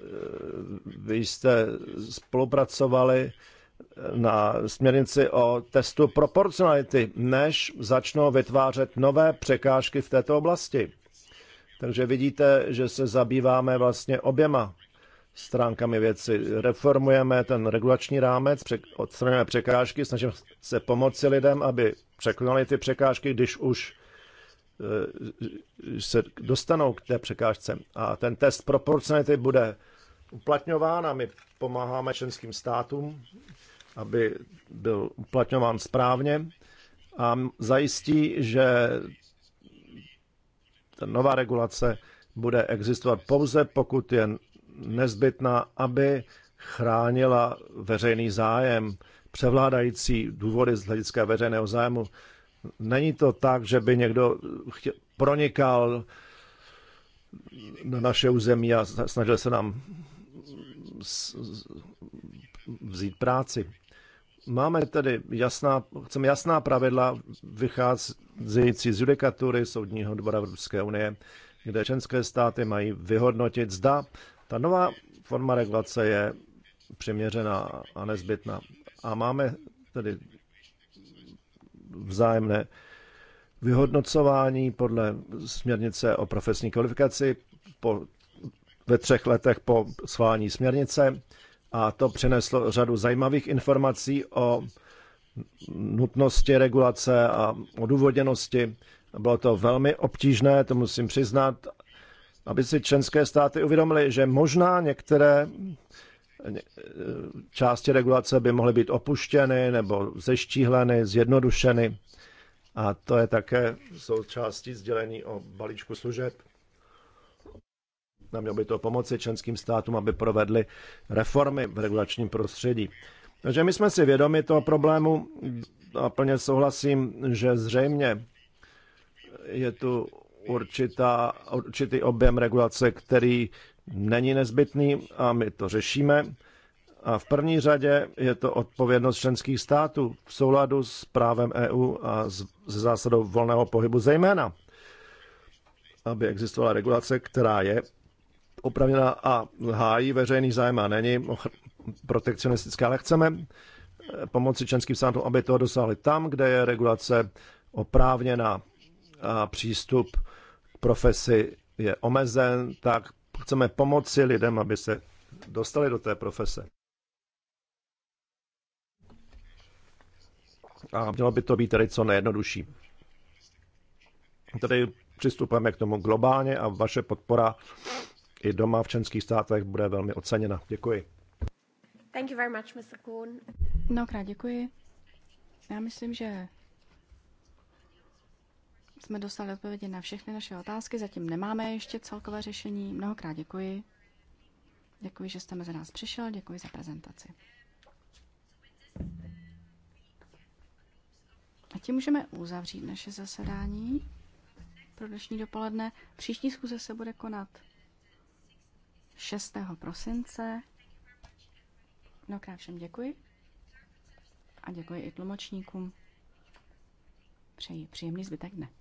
vy jste spolupracovali eh, na směrnici o testu proporcionality, než začnou vytvářet nové překážky v této oblasti. Takže vidíte, že se zabýváme vlastně oběma stránkami věci. Reformujeme ten regulační rámec, odstraňujeme překážky, snažíme se pomoci lidem, aby překonali ty překážky, když už Eh, se dostanou k té překážce. A ten test proporcionality bude uplatňován a my pomáháme členským státům, aby byl uplatňován správně a zajistí, že ta nová regulace bude existovat pouze, pokud je nezbytná, aby chránila veřejný zájem, převládající důvody z hlediska veřejného zájmu Není to tak, že by někdo chtěl, pronikal na naše území a snažil se nám vzít práci. Máme tedy jasná, chceme jasná pravidla vycházející z judikatury Soudního dvora Evropské unie, kde členské státy mají vyhodnotit, zda ta nová forma regulace je přiměřená a nezbytná. A máme tedy vzájemné vyhodnocování podle směrnice o profesní kvalifikaci po, ve třech letech po schválení směrnice a to přineslo řadu zajímavých informací o nutnosti regulace a odůvodněnosti. Bylo to velmi obtížné, to musím přiznat, aby si členské státy uvědomily, že možná některé Eh, části regulace by mohly být opuštěny nebo zeštíhleny, zjednodušeny. A to je také součástí sdělení o balíčku služeb. Nám mělo by to pomoci členským státům, aby provedli reformy v regulačním prostředí. Takže my jsme si vědomi toho problému a plně souhlasím, že zřejmě je tu určitá, určitý objem regulace, který není nezbytný a my to řešíme. A v první řadě je to odpovědnost členských států v souladu s právem EU a s zásadou volného pohybu zejména, aby existovala regulace, která je opravněná a hájí veřejný zájem a není protekcionistická, ale chceme eh, pomoci členským státům, aby toho dosáhli tam, kde je regulace oprávněná a přístup k profesi je omezen, tak Chceme pomoci lidem, aby se dostali do té profese. A mělo by to být tady co nejjednodušší. Tady přistupujeme k tomu globálně a vaše podpora i doma v členských státech bude velmi oceněna. Děkuji. Thank you very much, Mr. Kuhn. krát děkuji. Já myslím, že jsme dostali odpovědi na všechny naše otázky. Zatím nemáme ještě celkové řešení. Mnohokrát děkuji. Děkuji, že jste mezi nás přišel. Děkuji za prezentaci. A tím můžeme uzavřít naše zasedání pro dnešní dopoledne. Příští schůze se bude konat 6. prosince. Mnohokrát všem děkuji. A děkuji i tlumočníkům. Přeji příjemný zbytek dne.